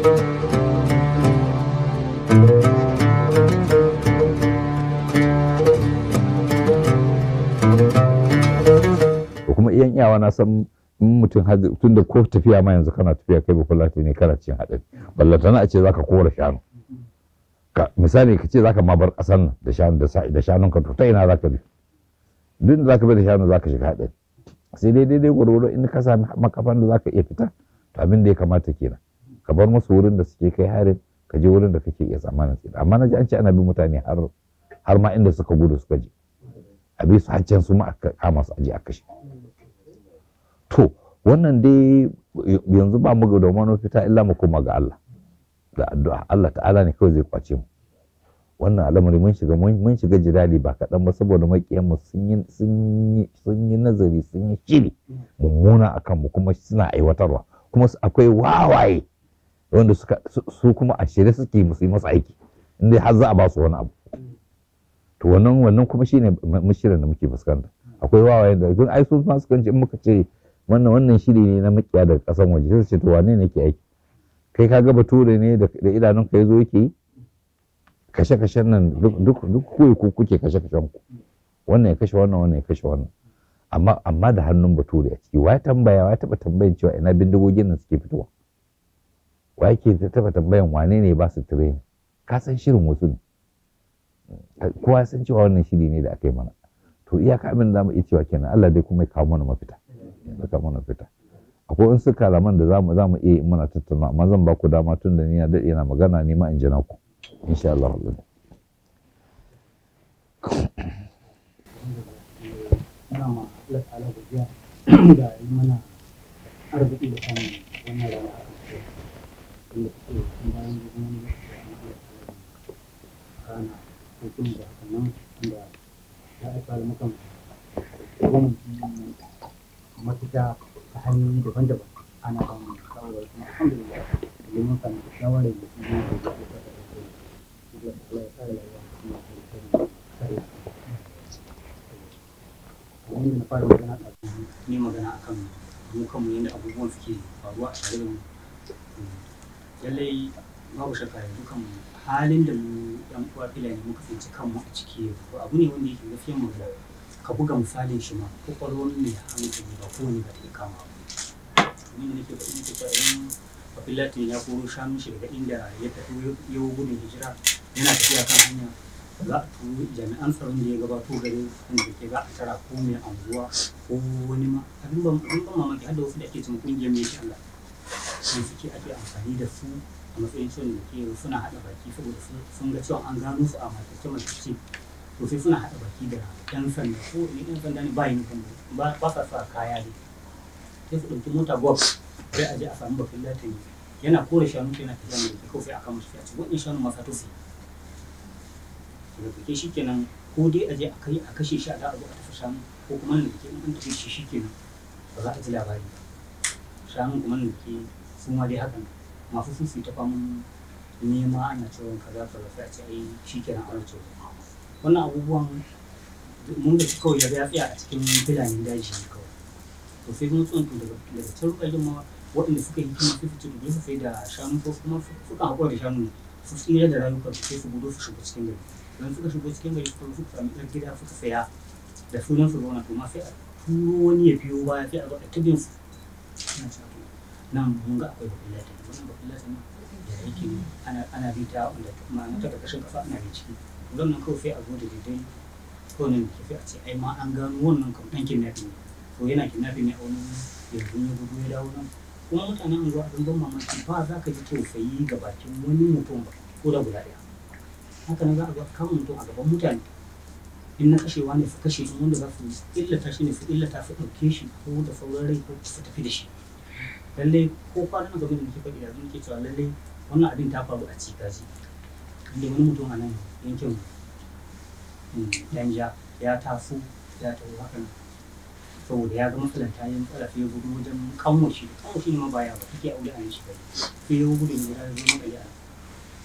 kuma iyan iyawa na san mutum tun da ko tafiya ma yanzu kana tafiya kai ba kullati ne kana cin haɗari na a ce zaka kora shanu misali ka ce zaka ma bar ƙasan nan da shanu da shanun ka to ta ina zaka bi duk da zaka bi da shanu zaka shiga haɗari sai dai daidai gwargwaro in ka sami makafan da zaka iya fita to abin da ya kamata kenan ka bar musu wurin da suke kai harin ka je wurin da kake iya tsammanin su amma na ji an ce ana bin mutane har har ma inda suka gudu suka je a bi su haccan su ma aka kama su aje a kashe to wannan dai yanzu ba mu ga da fita illa mu koma ga Allah da addu'a Allah ta'ala ne kawai zai kwace mu wannan al'amari mun shiga mun shiga jidali ba kaɗan ba saboda maƙiyan mu sun yi nazari sun yi shiri mummuna akan mu kuma suna aiwatarwa kuma akwai wawaye wanda suka su kuma a shirye suke musu yi masa aiki in dai har za a ba su wani abu to wannan wannan kuma shine mashirin da muke fuskanta akwai wawaye da gun ai su ma sukan ce in muka ce wannan wannan shiri ne na makiya daga kasan waje sai su ce to wane ne ke aiki kai ka ga bature ne da idanun ka yazo yake kashe-kashen nan duk duk ku kuke kashe-kashen ku wannan ya kashe wannan wannan ya kashe wannan amma amma da hannun bature a ciki wa tambaya wa taba tambayin cewa ina bindigogin nan suke fitowa wa yake taba tambayan wane ne ba su training ka san shirin wasu ne kowa san cewa wannan shiri ne da aka yi mana to iyaka abin da zamu iya cewa kenan Allah dai kuma ya kawo mana mafita ya kawo mana mafita akwai in su kalaman da zamu zamu iya muna tattauna amma zan ba ku dama tun da ni na dade na magana ni ma in jina ku insha Allah Allah da mana arziki da samun wannan rana mafita ta hanyoyi daban-daban ana samun shawarwar kuma alhamdulillah domin ya kare kuma ta kare na fara magana a ne magana akan mu kanmu abubuwan suke faruwa a lallai babu shakka yanzu kan halin da mu yan uwa filayen muka tsinci kanmu a ciki abu ne wanda yake gafiyan mu da ka buga misalin shi ma kwakwalwar mai hankali ba kowane ba ta iya kama ba ni ne nake faɗi nake faɗin abdullahi ya koro shanu shi daga inda ya tafi yau gudun hijira yana tafiya kan hanya za a turo jami'an tsaron da ya gabato gare wanda ke za a tara ko mai anguwa ko wani ma abin ban mamaki har da wasu da ke cin kungiyar mai shi Allah sun suke ake amfani da su a matsayin ciwon da ke suna haɗa baki saboda sun ga cewa an gano su a matace matace to sai suna haɗa baki da ɗan sanda ko ni ɗan sanda ne ba yin ba sa sa kaya ne sai su ɗauki mota gwab sai a je a samu bakin latin yana kore shanu yana tafiya mai kyau sai a kama shi a ce shanu masa tosi da kake shi kenan ko dai a je a kai a kashe shi a da a zo a tafi shanu ko kuma nan da ke in tafi shi shi kenan ba za a ji labari ba shahan umar da ke sun ma dai hakan masu sufi ta faman nema ana cewa kaza kaza sai a ce ai shi kenan ana cewa wannan abubuwan mun da kawai ya tsaya a cikin filanin daji ne kawai to sai mun tsuntu daga daga tarukar ma waɗanda suka yi kuma fifice da gefe sai da shanu ko kuma suka haƙura da shanu su tsira da rayukan su sai su gudu su shiga cikin gari don suka shiga cikin gari su suka sami ɗan gida suka saya da sunan su zauna to ma sai a turo wani ya biyo baya sai a zo a tabin su suna sabo nan mun ga akwai bakin lati wannan bakin lati da yake ana ana bi ta wanda ma'ana ta karkashin kafa ana bi ciki wannan kawai sai a zo da daidai ko ne ke fi a ce ai ma an gano wannan kan ɗan kidnapping ne to yana kidnapping ne a wani yanzu ya gudu ya dawo nan kuma mutanen anguwa abin ban mamaki ba za ka ji tausayi ga bakin wani mutum ba ko da guda ɗaya haka nan za a ga kawo mutum a gaban mutane in na kashewa ne su kashe su wanda za su illata shi ne su illata su ɗauke shi ko da sauran rai ko su tafi da shi lallai ko na gaba da muke faɗi yanzu muke cewa lallai wannan abin ta faru a cikaji inda wani mutum a nan yankin yanja hmm, ya taso ya taho haka saboda ya ga matsalanta yin tsarafi ya gudu wajen kanwashi da kanwashi ne ma baya ba take aure a shi bai sai ya gudu ne ya zo maka yara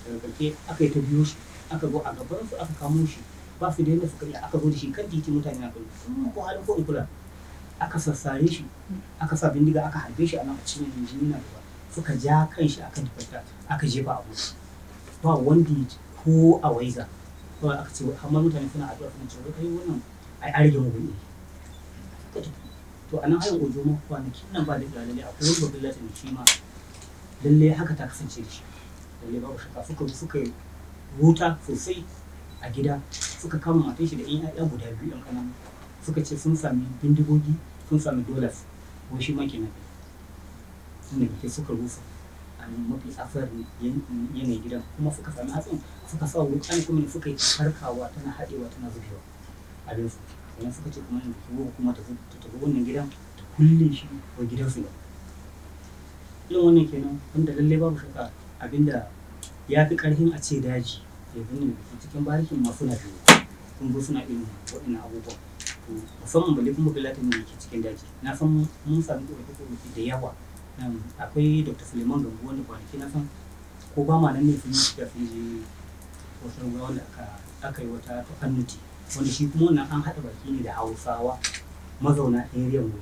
daga ƙarshe aka yi ta biyo shi aka go a gabansu aka kamo shi ba su da yadda suka yi aka zo da shi kan titi mutane na kai sun ko halin ko in kula aka sassare shi aka sa bindiga aka harbe shi a nan cikin jini na gaba suka ja kan shi aka tafarta aka jefa a mutu ba wanda ya ko a waiza kawai aka ce amma mutane suna addu'a suna cewa kai wannan ai an rage mugun to a nan hayan ojo ma kwanakin nan ba da a akwai wani babban ne shi ma lalle haka ta kasance da shi lalle babu shakka suka suka wuta sosai a gida suka kama matan shi da yan ya'ya guda biyu yan kanan suka ce sun sami bindigogi sun sami dollars ko shi maki na biyu da suka rusa a mafi tsafar yanayi gidan kuma suka sami hatsin suka sa wukan kuma suka yi farkawa tana haɗewa tana zubewa abin su sannan suka ce kuma yanzu kuma kuma ta tafi wannan gidan ta kulle shi wa su ne irin wannan kenan wanda lallai babu shakka abinda ya fi ƙarfin a ce daji yanzu ne cikin barikin masu na biyu kun zo suna irin waɗannan abubuwan musamman balle kuma bilata ne ke cikin daji na san mun sami ƙorafi-ƙorafi da yawa akwai dr suleiman gambo wanda kwanaki na san ko ba ma nan ne sun shiga sun je wata ruwa wanda aka yi wata tafannuti wanda shi kuma wannan an haɗa baki ne da hausawa mazauna area mu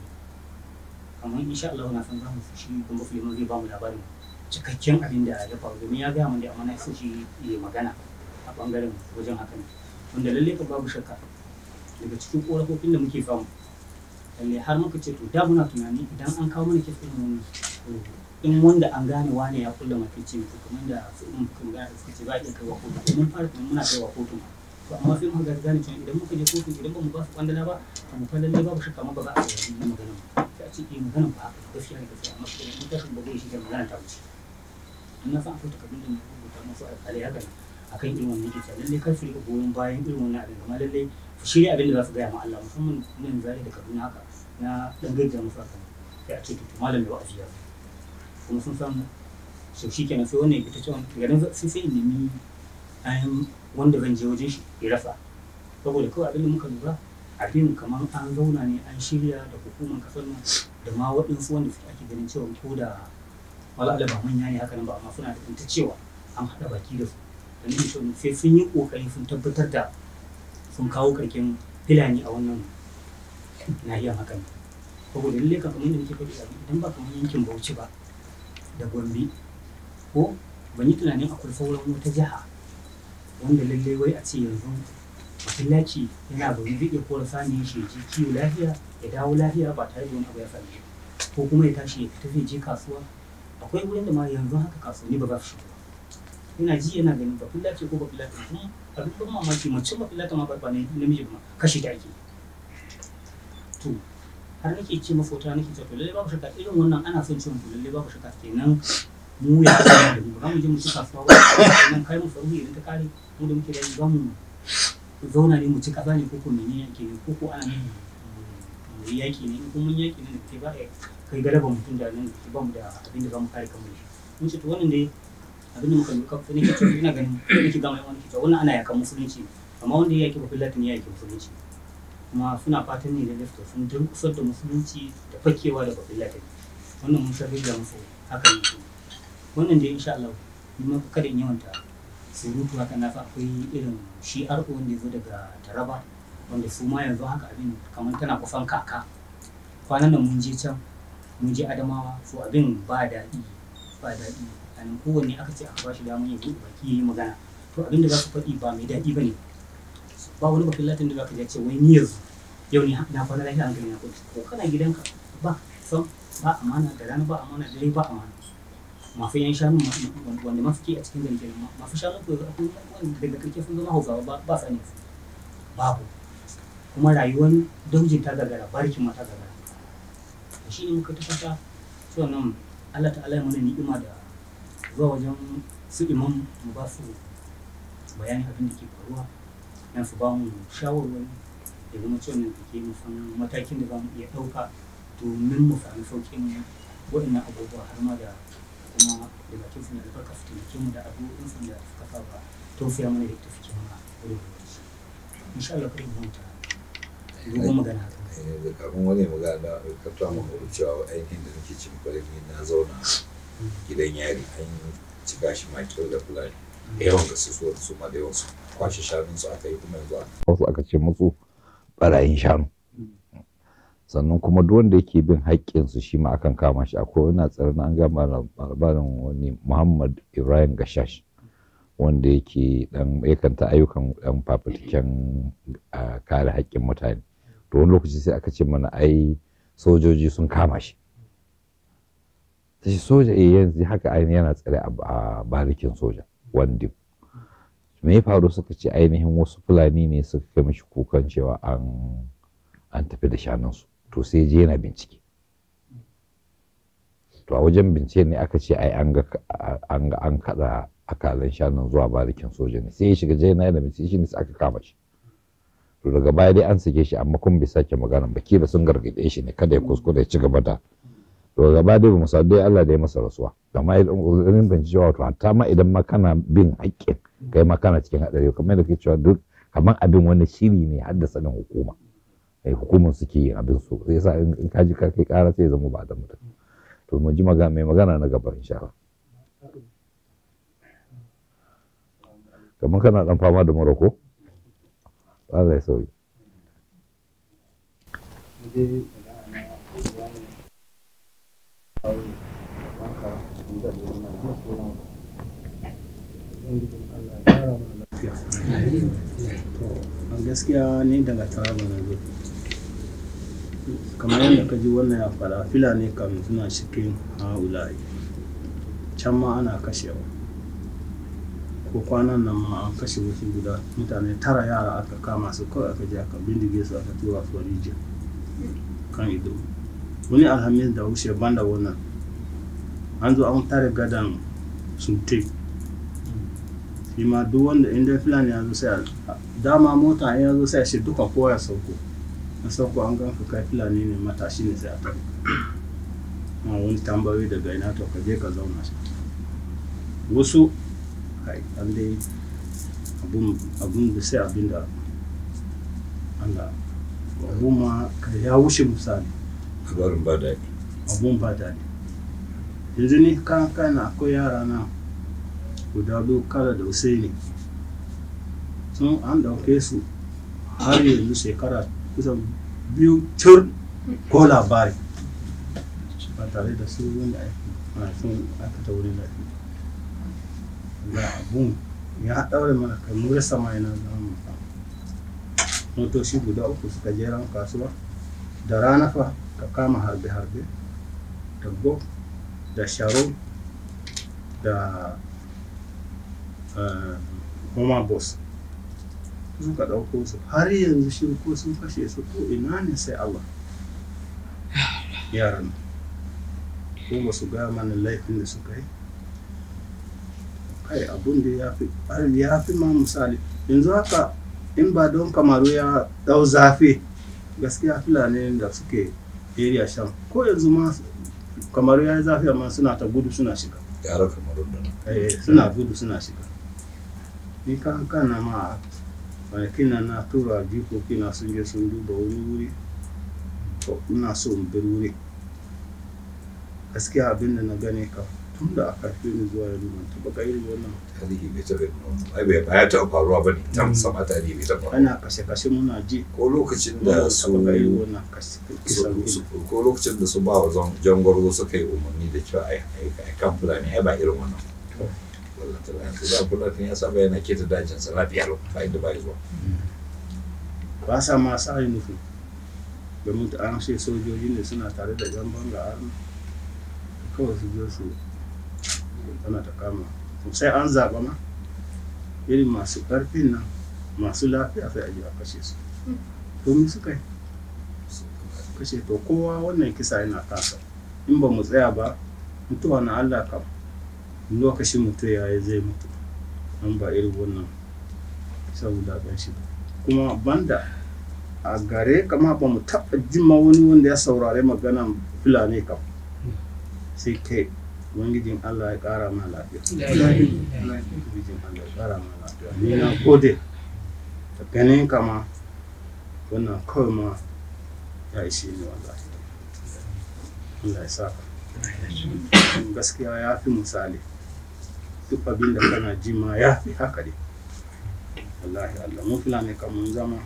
amma insha Allah na san zamu shi kuma Suleiman zai ba mu labarin cikakken abin da ya faru domin ya gaya mun da amana sai shi magana bangaren wajen hakan wanda lalle ka babu shakka daga cikin korafofin da muke samu lalle har muka ce to da muna tunani idan an kawo mana kes ɗin wani in wanda an gane wane ya kulla mafice ne kamar da su in kan gane suka ce za a iya kai wa kotu mun fara tunanin muna kai wa kotu to amma sai muka gane cewa idan muka je kotu idan ba mu ba su kwandala ba to mu fa lalle babu shakka ma ba za a yi maganar ba a ce eh maganar ba gaskiya ne gaskiya amma kuma mutashin ba zai shi da magana ta wuce na san akwai takardun da mu rubuta masu alƙalai haka ne akan irin wannan yake lallai kar su goyon bayan irin wannan abin kamar lallai ku shirya abin da za su gaya ma Allah musamman nan zari da Kaduna haka na dan gajiya musu haka sai a ce to malam da wa'azi ya kuma sun samu so shi kenan sai wannan ita ce cewa garin sai sai in nemi ayan wanda zan je wajen shi ya rasa saboda kawai abin da muka lura abin kamar an zauna ne an shirya da hukumar kasar nan da ma waɗansu wanda suke ake ganin cewa ko da wala ba manya ne haka nan ba amma suna da ta cewa an haɗa baki da su sai sun yi kokari sun tabbatar da sun kawo karkin filani a wannan nahiyar hakan saboda lalle kan kamar da nake faɗi idan ba kamar yankin bauchi ba da gombe ko ban yi tunanin akwai sauran wata jiha wanda lalle wai a ce yanzu masallaci yana ba zai iya kora sani shi ji kiwo lafiya ya dawo lafiya ba tare da wani abu ya faru. ko kuma ya tashi ya fita zai je kasuwa akwai wurin da ma yanzu haka kasuwanni ba za su shigo ina ji yana ganin ba filla ce ko ba filla kuma abin ban mamaki mace ba filla ta ma ba ne namiji ba kashi ta ake to har nake ce mafota nake ce to lalle babu shakka irin wannan ana son cin mu lalle babu shakka kenan mu ya da mu ba mu je mu ci kasuwa ba nan kai mu faru idan ta kare mu da muke da ba mu zauna ne mu ci kaza ne ko ko menene yake ne ko ko ana mu yi yaki ne ko mun yaki ne da ke ba kai galaba mutum da nan ba mu da abin da za mu kare kanmu mun ce to wannan dai abin da muka duka ne ke cikin ina ganin ko nake gama yawan wani cewa wannan ana yakan musulunci amma wanda yake ba kullata ya yake musulunci kuma suna fatan ne da lafto sun kusur da musulunci da fakewa da kullata wannan mun sabbi da musu haka ne wannan da insha Allah ni ma kada in yawanta surutu haka na fa akwai irin shi arko wanda yazo daga Taraba wanda su ma yanzu haka abin kamar tana kusan kaka kwanan nan mun je can mun je Adamawa so abin ba daɗi ba daɗi tsakanin kowanne aka ce aka ba shi damar ya baki ya yi magana to abin da za su faɗi ba mai daɗi ba ne ba wani bakin latin da za ka ce wai ni yau ne na fara lafiya hankali na kwanci ko kana gidanka ba san ba amana da rana ba amana dare ba amana mafi yan shanu wanda mafi ke a cikin zanke mafi shanu ko yanzu wanda daga karke sun zama hausawa ba sani babu kuma rayuwar daujin ta gagara barikin ma ta gagara shi ne muka tafasa cewa nan Allah ta'ala ya mana ni'ima da zuwa wajen su imam mu ba su bayanin abin da ke faruwa na su ba mu shawarwari da zama cewa ne take mu san matakin da za mu iya ɗauka domin mu sami sauƙin waɗannan abubuwa har ma da kuma da bakin suna da farka su taimake mu da abubuwan sun da suka saba tausaya mana da tafi mana wani lokaci insha Allah kuma mu ta duba magana haka eh, kafin wani magana da ka tuwa mu cewa aikin da nake cikin kwalifi na zauna gidan yari an ci gashi ma kyau da kula da yawan da su so su ma da yawan su kwashe shanun su aka yi kuma yanzu wasu aka ce musu barayin shanu sannan kuma duk wanda yake bin su shi ma akan kama shi akwai wani tsaron an gama labarin wani muhammad ibrahim gashash wanda yake dan yakanta ayyukan dan fafutuken ah, kare haƙƙin mutane to wani lokaci sai aka ce mana ai sojoji sun kama shi shi soja eh yanzu haka ainihin yana tsare a barikin soja wanda me ya faru suka ce ainihin wasu fulani ne suka kai mishi kukan cewa an tafi da shanunsu to sai je yana bincike to a wajen bincike ne aka ce ai an ga an kada akalan shanun zuwa barikin soja ne sai ya shiga je yana bincike shi ne sai aka kama shi to daga baya dai an sake shi amma kun bai sake magana ba kila sun gargaɗe shi ne kada ya kuskure ya ci gaba da to gaba dai bamu sadu dai Allah da ya masa rasuwa amma idan ban cewa to hatta ma idan ma kana bin haƙƙin kai ma kana cikin haɗari kamar da ke cewa duk kamar abin wani shiri ne haddasa ɗin hukuma eh hukumar suke yin abin su sai yasa in ka ji ka kai ƙara sai zama ba da mutum to mu ji magana mai magana na gaba insha Allah kamar kana dan fama da mura ko Allah ya sauya gaskiya ni daga taraba na kamar yadda ka ji wannan ya fara fulani kam suna cikin haulayi can ma ana kashewa ko kwanan nan ma an kashe wasu guda mutane tara yara aka kama su kawai aka je aka bindige su aka tura su kan ido wani alhamis da wuce ban da wannan an zo an tare gadan sunte shi ma duk wanda inda fulani ya zo sai a, dama mota ya zo sai a shi duka kowa ya sauko na sauko an gan kai filani ne matashi ne sai a tafi ma wani tambayoyi daga ina to ka je ka zauna shi wasu kai an dai abun da sai abin da Allah kuma ya wuce misali labarin ba daɗi abun ba daɗi yanzu ni kan kana akwai yara na guda biyu kala da ne. sun an ɗauke su har yanzu shekara kusan biyu cur ko labari ba tare da su wani aiki sun aikata wurin lafiya ga abun ya ɗaure mana kai mu rasa ma yana zama motoci guda uku suka je kasuwa da rana fa ka kama harbe-harbe taggo da sharo da goma eh, boss ka ɗauko su har yanzu shi ko sun kashe su ko ina ne sai Allah yaran ko ba su gaya mana laifin da suka yi kai abun da ya fi ma misali yanzu haka in ba don kamaru ya ɗau zafi gaskiya fulani da suke area shan ko yanzu ma kamar ya yi zafi amma suna ta gudu suna shiga yara kamar da eh, suna gudu suna shiga ni ka na ma kwanakin nan na tura jikoki na sun je sun duba wani wuri to ina so in bi wuri gaskiya abin da na gane ka tun da aka fi ni zuwa yanzu ban taɓa ga irin wannan tarihi bai taɓa yin wannan ai bai baya ta faruwa ba ne tam mm. sama tarihi bai taɓa ana kashe-kashe muna ji ko lokacin da su kai wannan kashe ko lokacin da su ba wa zan jangoro su kai umarni da cewa ai ai ai kan fulani ai ba irin wannan wallahi za fulani ya saba yana ke ta dajin sa lafiya lokacin da bai zuwa mm. ba sa ma sa yi nufi domin ta an ce sojoji ne suna tare da jan ga arna kawai su je su tana ta kama sai an zaɓa ma irin masu ƙarfin nan masu lafiya sai a ji a kashe su domin suka yi kashe to kowa wannan kisa yana kasa in ba mu tsaya ba mutuwa na Allah kam lokacin mutu ya zai mutu an ba irin wannan saboda ban shi kuma banda a gare kama ba mu taɓa jima wani wanda ya saurare magana fulani kam sai kai ubangijin Allah ya ƙara ma lafiya ubangijin Allah ya ƙara ma lafiya na gode da ganin kama wannan kawai ma ya ishe wallahi Allah ya saka gaskiya ya fi misali duk abin da kana ji ma ya fi haka ne wallahi Allah mun fulani kamun zama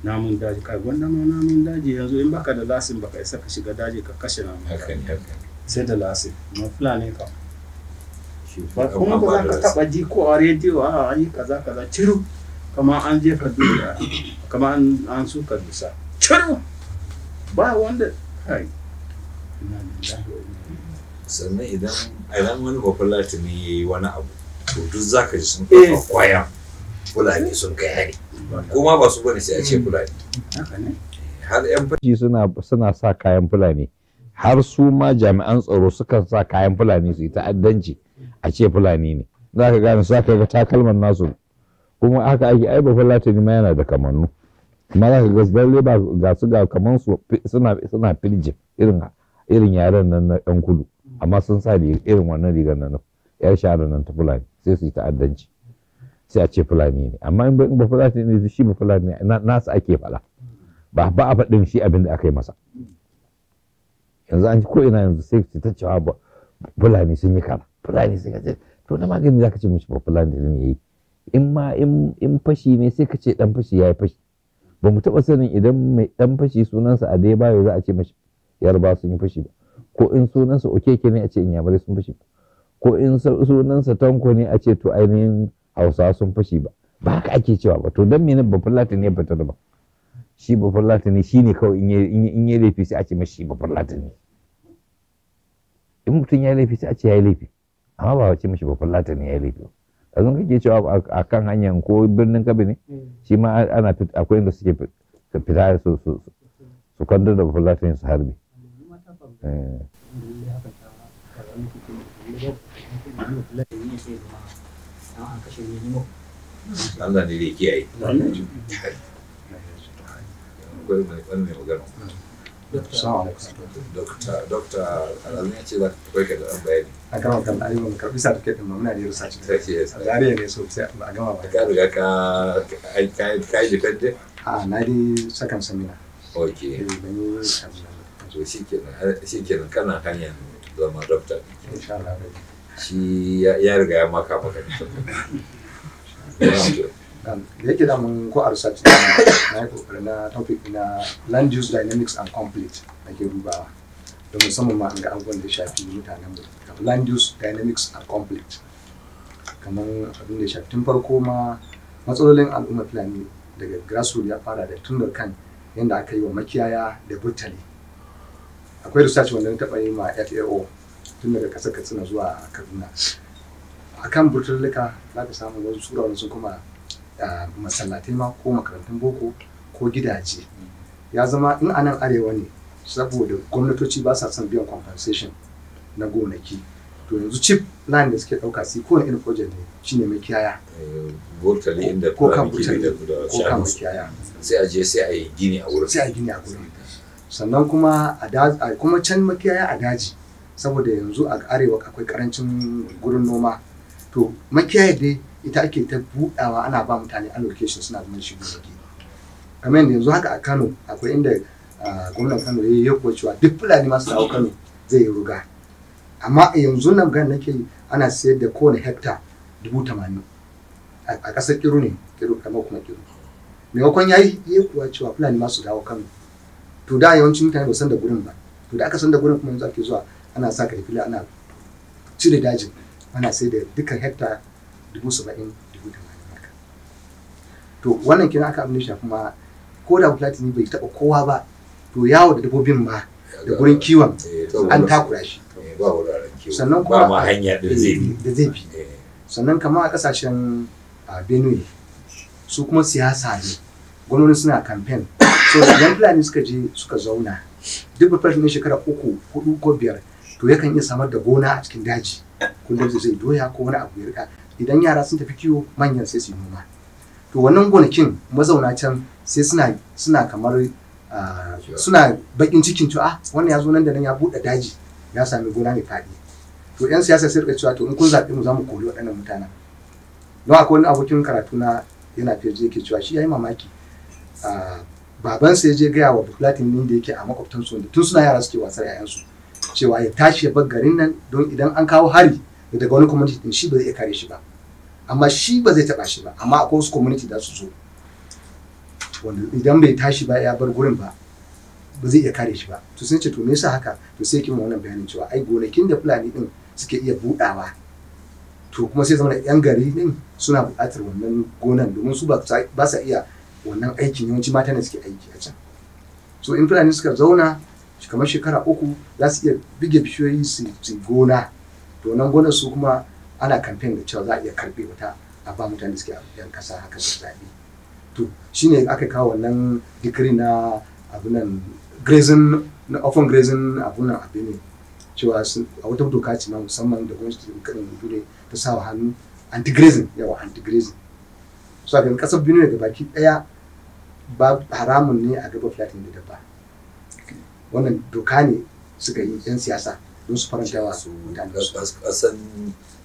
namun daji kai gwanda ma namun daji yanzu in baka da lasin baka isa ka shiga daji ka kashe namun daji sai da lasi na fulani kam ba kuma ba za ka taba ji ko a rediyo a yi kaza kaza ciru kama an je ka duniya kama an su ka dusa ciru ba wanda kai sannan idan idan wani bakulati tuni ya yi wani abu to duk za ka ji sun eh. kafa kwaya fulani sun kai hari kuma ba su bane sai a ce hmm. fulani har yan fashi suna sa kayan fulani har su ma jami'an tsaro sukan sa kayan fulani su yi ta'addanci a ce fulani ne za ka gane sa ka ga takalman nasu kuma haka ake ai ba fulatani ma yana da kamannu amma za ka ga zalle ba ga su ga kaman su suna suna filjin irin irin yaren nan na yan kudu amma sun sa irin wannan rigar nan yar shahara nan ta fulani sai su yi ta'addanci sai a ce fulani ne amma in ba fulani ne shi ba fulani ne nasu ake faɗa ba ba a faɗin shi abin da aka yi masa yanzu an ji ko ina yanzu sai ce ta cewa ba fulani sun yi kaza fulani sun yi to na magani ka ce mishi ba fulani ne yi. in ma in fashi ne sai ka ce dan fashi ya yi fashi ba mu taba sanin idan mai dan fashi sunansa a dai bayo za a ce mashi yarba sun yi fashi ba ko in sunansa okeke ne a ce in yamare sun fashi ba ko in sunansa tanko ne a ce to ainihin hausawa sun fashi ba ba haka ake cewa ba to dan menene ba fulani ne fita da ba shi babban latin ne kawai in yi laifi sai a ce mashi babban latin ne in mutum ya yi laifi sai a ce ya yi laifi amma ba wace mishi ba fulata ne ya yi laifi a kake cewa a kan hanyar ko birnin kabi ne mm. shi ma ana akwai inda suke fita su su su da fulata ne su harbi eh. Allah ne da kiyaye. dokta alamun ya ce za ka kawai ka da bayani a gama kan ayi mun karbi sa take din muna da research take a zariya ne so sai a gama ba ka riga ka kai kai dipende na di sakan samina okay to shikenan shikenan hanyar zama dokta insha Allah shi ya riga ya maka maka da yake da ko a research na na kokari na topic na land use dynamics and conflict ake dubawa da musamman ma an ga abubuwan da shafi mutanen mu land use dynamics and conflict kamar abin da shafi tun farko ma matsalolin al'ummar fulani daga grassroots ya fara da tun da kan yadda aka yi wa makiyaya da burtali akwai research wanda na taɓa yi ma fao tun daga ƙasar katsina zuwa kaduna akan burtulluka za ka samu wasu tsura sun kuma masallatai ma ko makarantun boko ko gidaje ya zama in anan arewa ne saboda gwamnatoci ba sa son biyan compensation na gonaki to yanzu chip line da suke dauka su ko irin project ne shine mai kiyaya eh, inda ko kan burtali ko kan kiyaya sai a je sai a yi gini a wurin sai a gini a wurin sannan kuma a kuma can makiyaya a daji saboda yanzu a arewa akwai karancin gurin noma to makiyaya dai ita ake ta buɗawa ana ba mutane allocation suna zama shigo da ke kamar yanzu haka a kano akwai inda ah, gwamnan kano ya yi kuwa cewa duk fulani masu dawo kano zai yi ruga amma yanzu nan gan nake ana sayar da kowane hekta dubu tamanin a ƙasar kiru ne kiru kamar kuma kiru maimakon ya yi kuwa cewa fulani masu dawo kano to da yawancin mutane ba san da gurin ba to da aka san da gurin kuma yanzu ake zuwa ana sa karfi ana cire dajin ana sayar da dukkan hekta dubu saba'in dubu tamanin haka to wannan kina aka abin shafi ma ko da platini bai taɓa kowa ba to yawo da dabbobin ba da gurin eh, kiwon eh, an takura shi eh, sannan kuma ba hanya da zai bi sannan kamar a kasashen benue su kuma siyasa ne gwamnoni suna campaign so idan fulani suka je suka zauna duk bafashin shekara uku hudu ko biyar to yakan iya samar da gona a cikin daji kullum zai doya ko wani abu ya rika idan yara sun tafi kiwo manyan sai su yi noma to wannan gonakin mazauna can sai suna suna kamar ah, suna bakin cikin to ah wannan ya zo nan da nan ya buɗe daji ya sami gona mai faɗi to yan siyasa sai rika cewa to in kun zaɓe mu za mu kori waɗannan mutanen don akwai wani abokin karatu na yana fiye yake cewa shi ya yi mamaki ah, baban sai je gaya wa bukulatin ne da yake a makwabtan wanda tun suna yara suke wasar yayansu cewa ya tashi ya bar garin nan don idan an kawo hari daga wani kwamiti din shi ba zai iya kare shi ba amma shi ba zai taɓa shi ba amma akwai wasu community da su zo wanda idan bai tashi ba ya bar gurin ba ba zai iya kare shi ba to sun ce to me yasa haka to sai kin wannan bayanin cewa ai gonakin da fulani din suke iya budawa to kuma sai zama yan gari din suna buƙatar wannan gonan domin su ba sa iya wannan aikin yawanci mata ne suke aiki a can so in fulani suka zauna kamar shekara uku za su iya bige bishiyoyi su gona to wannan gonar su kuma ana kamfen da cewa za a iya karbe wata a ba mutane suke a yan kasa haka su zaɓi to shi ne aka kawo wannan digiri na abunan grazing na often grazing abunan abu ne cewa a wata doka ce ma musamman da gwamnati gudu ne ta sa wa hannu anti grazing yawa anti grazing so a kasar biyu da baki daya ba haramun ne a gaba flatin da dabba wannan doka ne suka yi yan siyasa don su faranta wa su mutane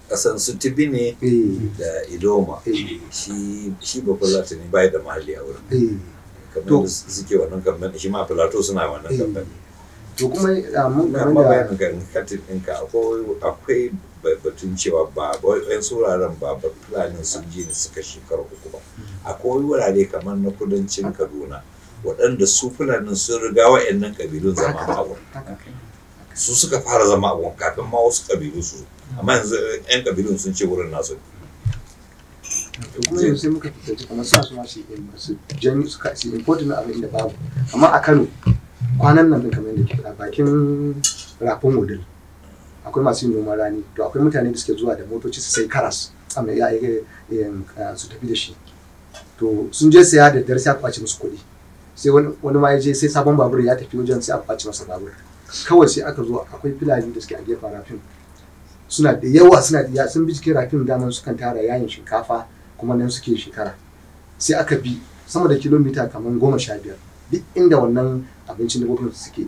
kasan su tibi ne eh. da idoma eh. shi ba ta ne bai da mahalli a wurin eh. kamar da suke wannan kamar shi ma filato suna wannan kamar to kuma ah, mun ga da ga katin ɗinka akwai batun cewa ba wayan suraren ba ba planin sun ji ne suka shekara uku ba hmm. akwai wurare kamar na kudancin kaduna waɗanda su fulanin sun riga wa'annan kabilun zama a su suka fara zama a kafin ma wasu kabilu su amma yanzu yan eh, ƙabilun sun ce wurin nasu kuma yanzu sai muka fuskanci kamar sa su ma masu jan su ka su importin abin da babu amma a Kano kwanan nan kamar yadda kira bakin rafin model akwai masu yin noman rani to akwai mutane da suke zuwa da motoci su sai karas amma ya su tafi da shi to sun je saya da dare sai a kwace musu kuɗi sai wani ma ya je sai sabon babur ya tafi wajen sai a kwace masa babur kawai sai aka zo akwai filani da suke a gefen rafin suna da yawa suna da sun bi cikin rafin da nan sukan tara yayin shinkafa kuma nan suke shekara sai aka bi sama da kilomita kamar goma sha biyar duk inda wannan abincin da gwamnati suke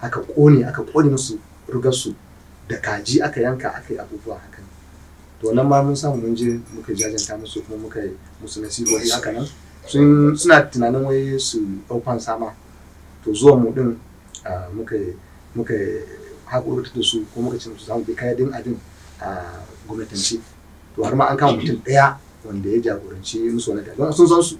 aka kone aka kone musu su da kaji aka yanka aka yi abubuwa haka to nan ma mun samu mun je muka jajanta musu kuma muka yi musu nasihohi haka nan sun suna tunanin wai su ɗaukan sama to zuwa mu din ah, muka yi muka haƙurta da su ko muka ce musu za mu bi kayadin adin a gwamnatanci to har ma an kama mutum ɗaya wanda ya jagoranci musu wani tafiya sun san su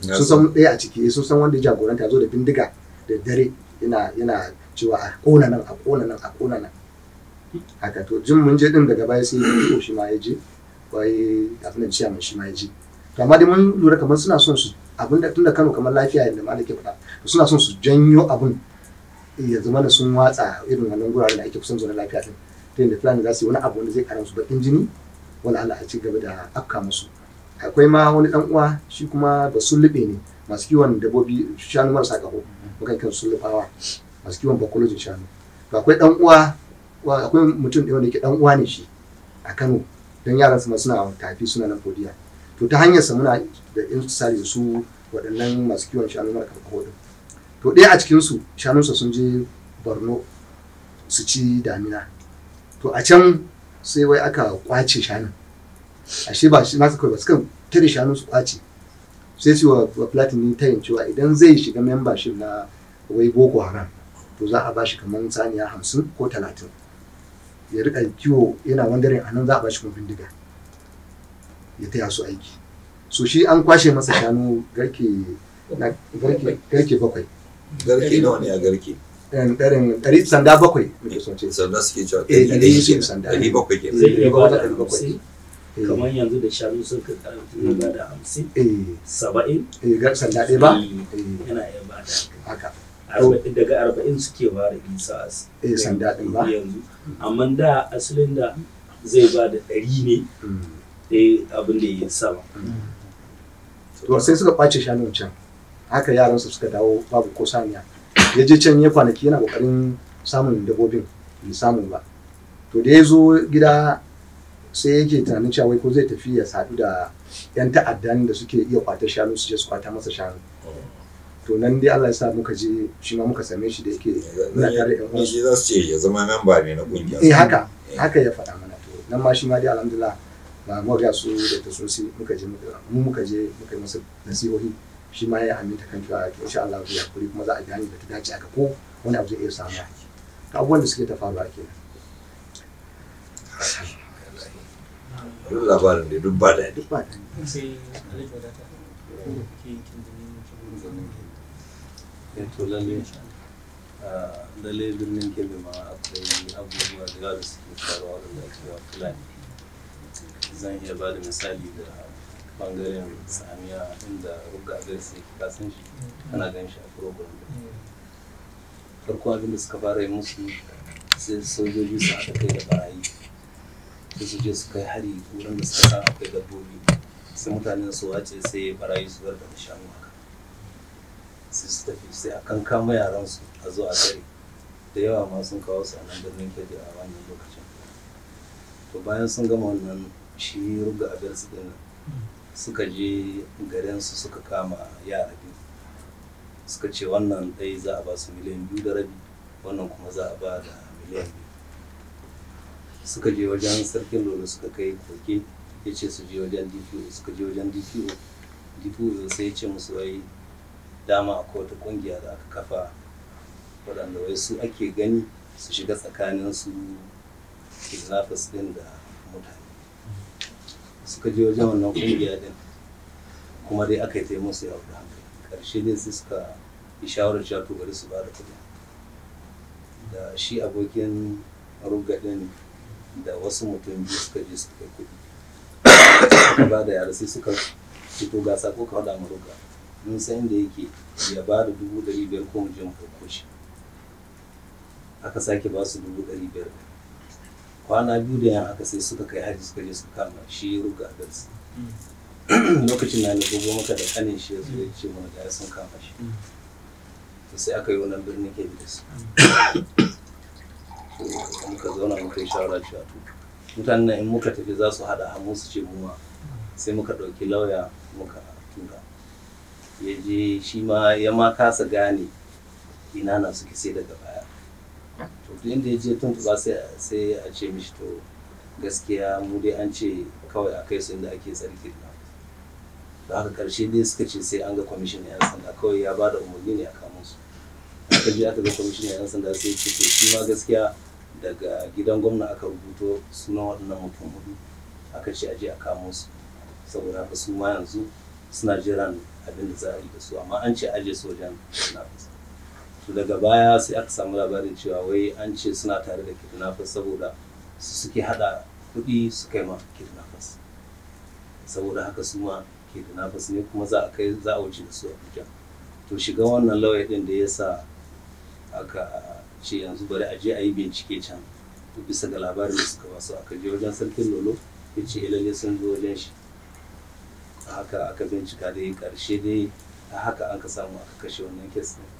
sun san ɗaya a ciki sun san wanda ya jagoranta zo da bindiga da dare yana yana cewa a ƙona nan a ƙona nan a ƙona nan haka to jin mun je din daga baya sai ko shi ma ya je wai abin da ciya mun shi ma ya je to amma dai mun lura kamar suna son su abin da tunda Kano kamar lafiya yadda ma ke faɗa suna son su janyo abin ya zama na sun watsa irin wannan guraren da ake kusan zaune lafiya din ta yadda fulani za su yi wani abu wanda zai kara musu baƙin jini wala Allah a ci gaba da afka musu akwai ma wani dan uwa shi kuma ba sun lube ne masu kiwon dabbobi shanu marasa kaho mukan kan sun lubawa masu kiwon bakolojin shanu to akwai dan uwa akwai mutum da wanda yake dan uwa ne shi a Kano dan yaran su ma suna tafi suna nan podiya to ta hanyar sa muna da intisari da su waɗannan masu kiwon shanu marasa kaho din to ɗaya a cikinsu shanunsa sun je borno su ci damina to a can sai wai aka kwace shanun ashe ba shi nasu kawai ba sukan tare shanun su kwace sai su wa platini ta yin cewa idan zai shiga membership na wai boko haram to za a bashi kamar saniya hamsin ko talatin ya rika kiwo yana wandarin anan za a bashi kuma bindiga ya taya su aiki so shi an kwashe masa shanu garke bakwai garke nawa ne a garke ɗarin ɗari sanda bakwai sanda suke cewa eh, ɗari sanda ɗari bakwai ke zai iya ba da bakwai eh. kamar yanzu da shanu sun ka karfi ba da hamsin eh. saba'in sanda ɗaya ba yana iya ba da haka daga arba'in suke fara isa a sanda ɗin ba yanzu amma da asalin da zai ba da ɗari ne hmm. abin da ya sama to sai suka ɓace shanu can haka yaransa suka dawo babu ko saniya ya je can ya kwanaki yana kokarin samun dabobin bai samu ba to da ya zo gida sai yake tunanin cewa ko zai tafi ya sadu da yan ta'addan da suke iya kwata shanu su je su kwata masa shanu to nan dai Allah ya sa muka je shi ma muka same shi da yake muna tare da yan shi za su ce ya zama memba ne na kungiya eh haka eh. haka ya faɗa mana to nan ma shi ma dai alhamdulillah ba mu ga su da tasosi muka je muka mu muka je muka yi masa nasihohi shi ma ya aminta kan cewa sha Allah zai hakuri kuma za a gane da ta dace aka ko wani abu zai iya samu a abubuwan da suke ta faruwa kenan duk labarin da duk ba da duk ba da eh, lalle ah, lalle birnin ma akwai abubuwa da suke faruwa da fulani zan iya ba da misali da bangaren samiya inda ruga agarsi ka san shi kana gan shi a program farko abinda suka fara yi musu sai sojoji su aka kai da barayi sai su je su kai hari wurin da suka san akwai dabbobi sai mutane su wace sai barayi su zarga da shanu haka sai su tafi sai a kan kama yaran su a zo a kare da yawa ma sun kawo su a nan birnin keji a wannan lokacin to bayan sun gama wannan shi ruga agarsi din nan suka je garinsu suka kama yara biyu suka ce wannan ɗai za a ba su miliyan biyu da rabi wannan kuma za a ba da miliyan biyu suka je wajen sarkin lolo suka kai koke ya ce su je wajen dpo suka je wajen dpo dpo sai ya ce musu wai dama a wata kungiya da aka kafa waɗanda wai su ake gani su shiga tsakanin su kidnappers ɗin da mutane suka je wajen wannan kungiya din kuma dai aka yi ta musu yawon da hankali karshe dai su suka yi shawarar cewa to bari su ba da kuɗi da shi abokin rugadin da wasu mutum biyu suka je suka kai kuɗi suka ba da yara sai suka fito ga sako ka faɗa ruga mun san inda yake ya ba da dubu ɗari biyar ko mu je mu ɗauko shi aka sake ba su dubu ɗari biyar kwana biyu da yan haka sai suka kai haji suka je suka kama shi ruga a garsu mm. lokacin na ne gobe maka da kanin shi ya zo ya ce mana da sun kama shi mm. to sai aka yi wannan birnin ke da su mm. muka zauna muka yi shawara cewa to mutanen nan in muka tafi za su haɗa hannu su ce muma sai muka ɗauki lauya muka tura ya je shi ma ya ma kasa gane ina na suke sai daga baya to inda ya je tuntuɓa sai a ce mishi to gaskiya mu dai an ce kawai a kai su inda ake tsarki nan da haka karshe dai suka ce sai an ga kwamishin yan sanda kawai ya ba da umarni ne a kamo su aka je aka ga kwamishin yan sanda sai ce to shi ma gaskiya daga gidan gwamna aka rubuto sunan waɗannan mutum hudu aka ce a je a kamo su saboda haka su ma yanzu suna jiran abin da za a yi da su amma an ce aje wajen na fasa daga baya sai aka samu labarin cewa wai an ce suna tare da kidnappers saboda su suke hada kuɗi su kai ma kidnappers saboda haka su ma kidnappers ne kuma za a kai za a wuce da su abuja to shiga wannan lawyer din da yasa aka ce yanzu bari a je a yi bincike can bisa ga labarin da suka wasu aka je wajen sarkin lolo ya ce eh, lalle sun zo wajen shi haka aka bincika da ya karshe dai haka an ka samu aka kashe wannan kes din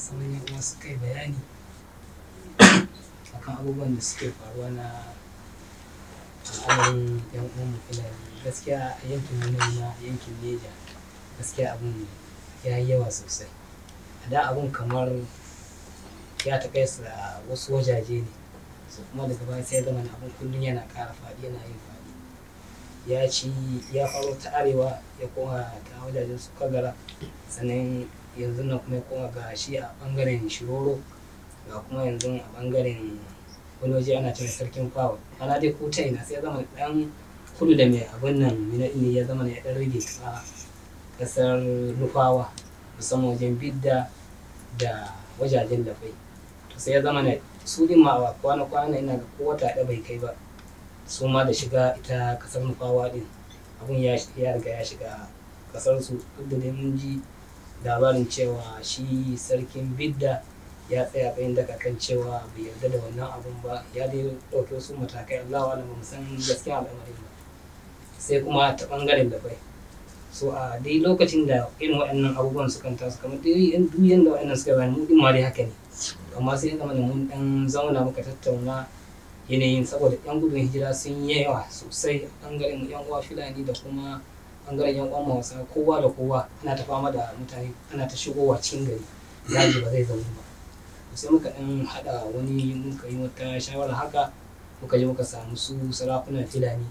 sauran yan uwa suka yi bayani akan abubuwan da suke faruwa na al'adun yan uwan filani gaskiya a yankin ma a yankin neja gaskiya abun ya yi yawa sosai a da abun kamar ya ta kai a wasu wajaje ne su kuma daga baya sai zama na abun kullum yana kara faɗi yana yin faɗi ya ci ya faro ta arewa ya koma ta wajajen su kagara sannan yanzu na kuma kuma ga shi a bangaren shiroro ga kuma yanzu a bangaren wani waje ana cewa sarkin kwawa ana dai ko ta ina sai ya zama ɗan kudu da mai abin nan ne ya zama ya ɗan rage a ƙasar nufawa musamman wajen bidda da wajajen lafai to sai ya zama ne su din ma kwana kwana ina ga ko wata da bai kai ba su ma da shiga ita ƙasar nufawa din abin ya riga ya shiga ƙasar su duk da dai mun ji labarin cewa shi sarkin bidda ya tsaya tsayin daga kan cewa bai yarda da wannan abun ba ya dai dauke wasu matakai Allah wa ba san gaskiya al'amarin ba sai kuma ta ɓangaren da bai so a dai lokacin da irin waɗannan abubuwan su kan tasu kamar dai yan duyan da waɗannan suka bayan mu ma dai haka ne amma sai kamar da mun dan zauna muka tattauna yanayin saboda yan gudun hijira sun yi yawa sosai a mu yan uwa filani da kuma bangaren yan uwan wasa kowa da kowa ana ta fama da mutane ana ta shigowa cikin gari yaji ba zai zama ba sai muka ɗan haɗa wani muka yi wata shawara haka muka je muka samu su sarakunan filani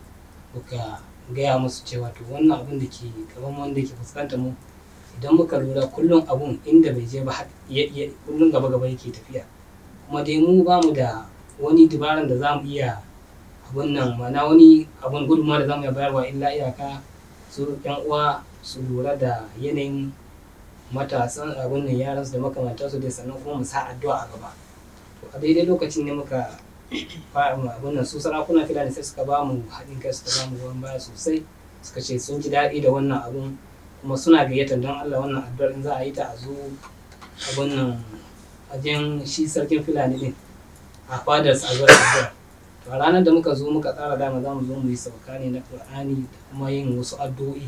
muka gaya musu cewa to wannan abin da ke gaban wanda ke fuskanta mu idan muka lura kullum abun inda bai je ba kullum gaba gaba yake tafiya kuma dai mu ba mu da wani dabaran da za mu iya abun nan mana wani abun gudunmawa da za mu iya bayarwa illa iyaka su yan uwa su lura da yanayin matasan abin nan yaran su da su dai sannan kuma mu sa addu'a a gaba to a daidai lokacin ne muka fara abin nan su sarakuna filani sai suka ba mu haɗin kai suka ba mu ruwan baya sosai suka ce sun ji daɗi da wannan abun kuma suna gayyatar don Allah wannan addu'ar in za a yi ta a zo abin nan a shi sarkin fulani din a fadarsa a zuwa to ranar da muka zo muka tsara dama za mu zo mu yi sauka ne na qur'ani da kuma yin wasu addu'o'i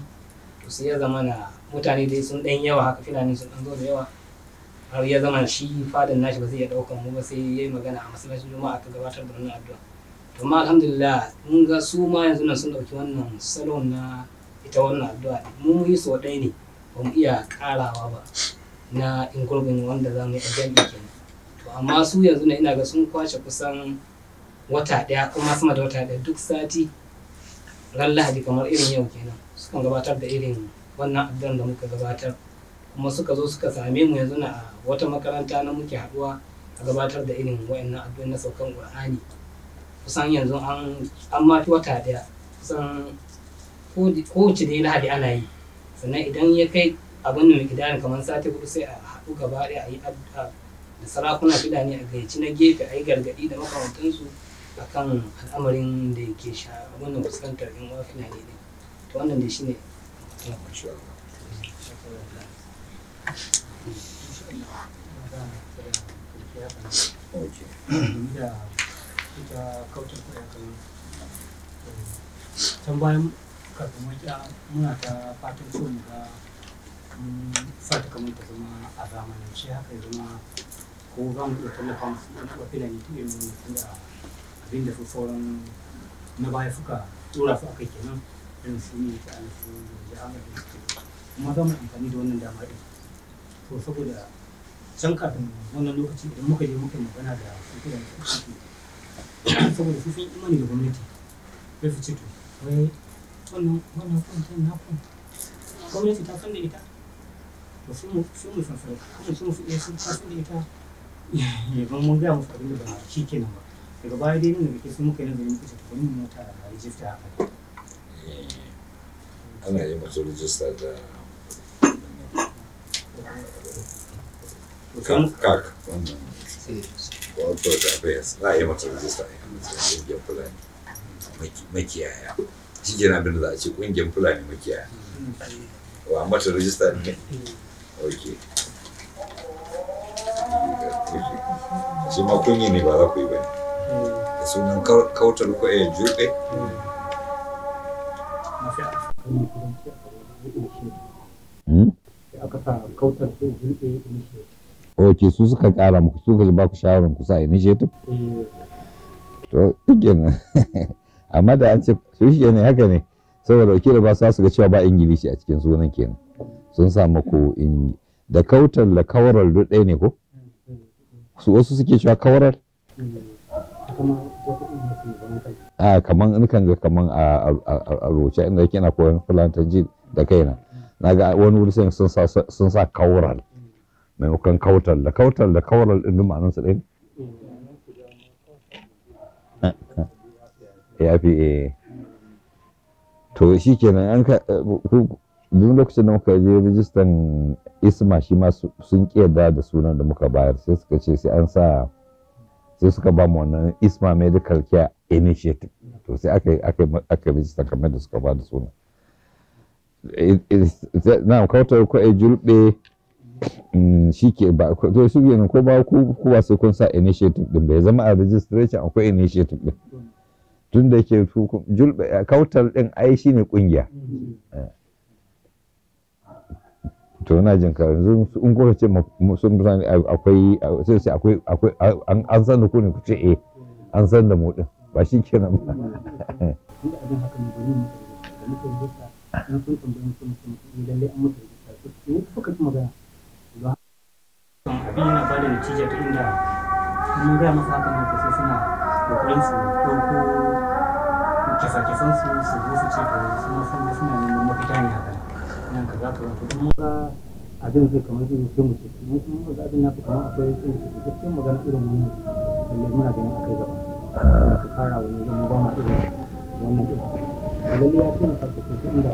to sai ya zama na mutane dai sun dan yawa haka filanin sun dan zo da yawa har ya zama shi fadan nashi ba zai iya daukan mu ba sai yayi magana a masallacin juma'a gabatar da wannan addu'a to amma alhamdulillah mun ga su ma yanzu nan sun dauki wannan salon na ita wannan addu'a mu mun yi so ɗaya ne ba mu iya karawa ba na ingurbin wanda za mu yi ajiyar kenan to amma su yanzu na ina ga sun kwace kusan wata ɗaya kuma sama da wata ɗaya duk sati ran lahadi kamar irin yau kenan sukan gabatar da irin wannan addan da muka gabatar kuma suka zo suka same mu yanzu na wata makaranta na muke haɗuwa a gabatar da irin wa'annan addu'ar na saukan qur'ani kusan yanzu an an ma wata ɗaya kusan kowace dai lahadi ana yi sannan idan ya kai abin da muke kamar sati hudu sai a haɗu gaba ɗaya a yi addu'a da sarakuna ne a gayyaci na gefe a yi gargaɗi da makamantansu a kan al'amarin da ke sha wannan fuskantar yan uwa fulani ne to wannan da shine can bayan kafin wakiya muna ta fatan so mu ga fata kamar ta zama a zamanance haka zama ko zamu mu iya tallafa musu ɗan uwa fulani ta ilimin da abin da su na baya suka tura su akai kenan irin su ne ta an su ya an da su kuma za mu amfani da wannan dama din to saboda can kafin wannan lokaci idan muka je muka magana da su da suke saboda su sun imani da gwamnati sai su ce to wai wannan wannan kwanton na kun gwamnati ta san da ita to su mu sun mu san sai kuma sun su iya sun san da ita ya ban mun ga mu abin da ba shi kenan ba daga baya dai nan da kake so muka yi nazarin kusa ta bari mu mota a rijista a kai ana yi masu rijista da kak kak wato da bayas za a yi mata rijista a yanzu ƙungiyar fulani makiyaya shi ke abin da za a ce ƙungiyar fulani makiyaya wa mata rijista ne ok shi ma kunyi ne ba za ku yi ba ne da sunan kautar kwaya juɓe eh? hmm? ok su suka kara muku su ka ba ku shawarar ku sa initiative to kenan amma da an ce su shi ne haka ne saboda wakil ba sa su ga cewa ba ingilishi a cikin sunan kenan sun sa muku in da kautar da kawarar duk ɗaya ne ko su wasu suke cewa kawarar a kaman in kan ga kaman a roce inda yake na koyon ji da kaina na ga wani wuri sai sun sa kaural maimakon kautal da kautal da kawral din su ɗaya ya fi eh to shi kenan an ka eh, duk lokacin da muka je rijistan isma shi ma sun kiyar da sunan da muka bayar sai suka ce sai an sa sai suka ba mu wannan isma medical care initiative to sai aka aka aka bi rijista kamar da suka ba da suna na kawta ko a julbe mm, shi ke ba to su ne ko ba ku ku ba sai kun sa initiative din bai zama a registration akwai initiative din tun da yake julbe kautar din ai shine kungiya mm-hmm. eh. to na jin ka yanzu in kuka ce sun sani akwai sai sai akwai akwai an san da ku ne ku ce eh an san da mu din ba shi kenan ba abin yana ba da natija ta inda suna kokarin kisa-kisan su su zo su ce to suna neman mafita ne haka nan ka za ka za ka mun ga abin zai kamar zai mutum mu ciki mun kuma ga abin nafi kamar akwai zai ciki gaskiyar magana irin wannan lalle muna ganin akai gaba ka fara wani zama ba ma irin wannan ɗin lalle ya ce na farko sai inda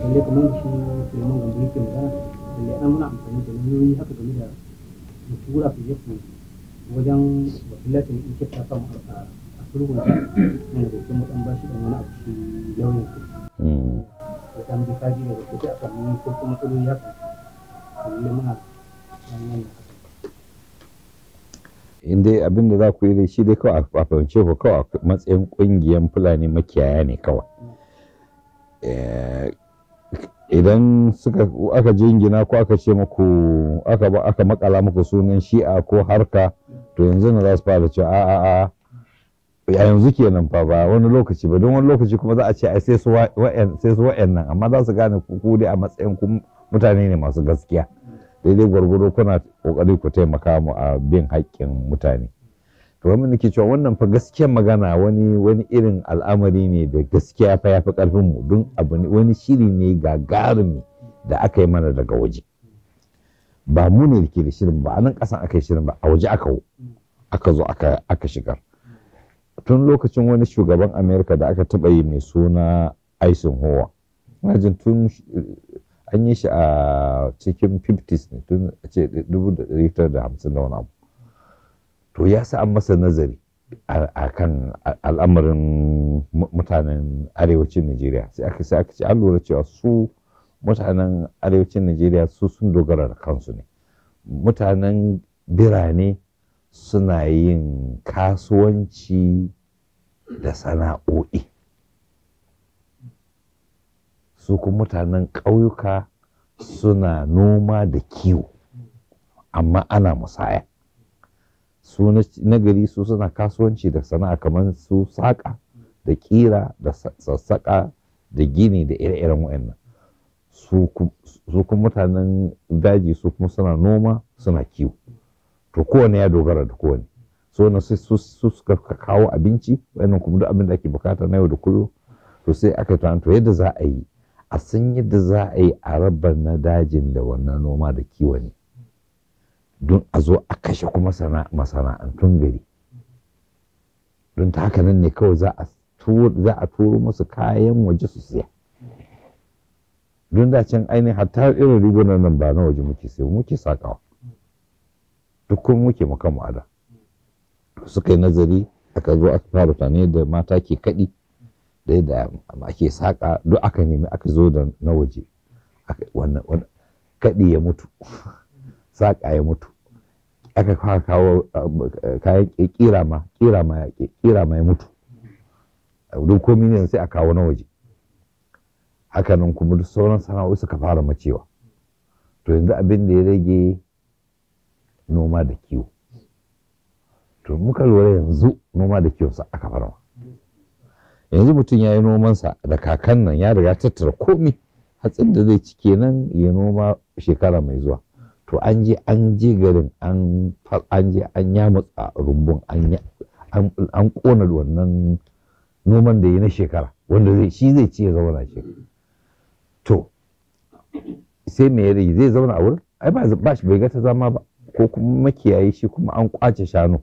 lalle kamar shi Suleiman Gambo yake magana lalle an muna amfani da lauyoyi haka game da mu tura su je wajen wakilatin in ke samu a sulhun da na da kuma wani abu shi lauyan da ɗan da kuɗi a kan ya kan abin da za ku yi da shi eh, dai kawai a fahimce ku kawai matsayin ƙungiyar fulani makiyaya ne kawai idan suka aka jingina ko aka ce muku aka makala muku sunan shi'a ko harka to yanzu na za su fara cewa a ya yanzu kenan fa ba wani lokaci ba don wani lokaci kuma za a ce sai su nan amma za su gane ku dai a matsayin ku mutane ne masu gaskiya daidai gwargwaro kuna kokari ku taimaka mu a bin haƙƙin mutane to wani nake cewa wannan fa gaskiyar magana wani wani irin al'amari ne da gaskiya fa yafi karfin mu don abu ne wani shiri ne gagarumi da aka yi mana daga waje ba mu ne da ke da shirin ba a nan ƙasan aka yi shirin ba a waje aka aka zo aka shigar tun lokacin wani shugaban amerika da aka taba yi mai suna eisenhower na tun eh, an yi shi a cikin 50s ne tun a ce 1950 da wani abu to ya sa an masa nazari a kan al'amarin mutanen arewacin nigeria sai aka sai aka ce an lura cewa su mutanen arewacin Najeriya su sun dogara da kansu ne mutanen birane suna yin kasuwanci da sana'o'i su kuma mutanen ƙauyuka suna noma da kiwo amma ana musaya su na su suna kasuwanci da sana'a kamar su saƙa da ƙira da sassaƙa da gini da ire-iren wa'annan su kuma mutanen daji su kuma suna noma suna kiwo to kowane ya dogara da kowane so na sai su suka kawo abinci wannan kuma duk abin da ake bukata na yau da kullum to sai aka tunan to yadda za a yi a san yadda za a yi a rabar na dajin da wannan noma da kiwo ne don a zo a kashe kuma masana'antun gari don ta haka nan ne kawai za a turo musu kayan waje su siya don da can ainihin hatta irin rigunan nan ba na waje muke sai muke sakawa duk kun muke mu kanmu ada suka yi nazari aka zo aka fara tunani da mata ke kaɗi da yadda ake saƙa duk aka nemi aka zo da na waje kaɗi ya mutu saƙa ya mutu aka kawo eh, kayan ƙira ma ƙira ma ya ƙira ma ya mutu duk komi ne sai a kawo na waje hakanan kuma duk sauran sana'o'i suka fara macewa to yanzu abin da ya rage noma da kiwo to muka lura yanzu noma da kiwo sa aka farma yanzu mutum ya yi nomansa da kakan nan ya riga tattara komi hatsin da zai ci kenan ya noma shekara mai zuwa to an je an je garin an an je an yamutsa rumbun an an kona wannan noman da ya na shekara wanda zai shi zai ci ya zauna shi to sai me ya zai zauna a wurin ai ba shi bai ga ta zama ba ko kuma makiyayi shi kuma an kwace shanu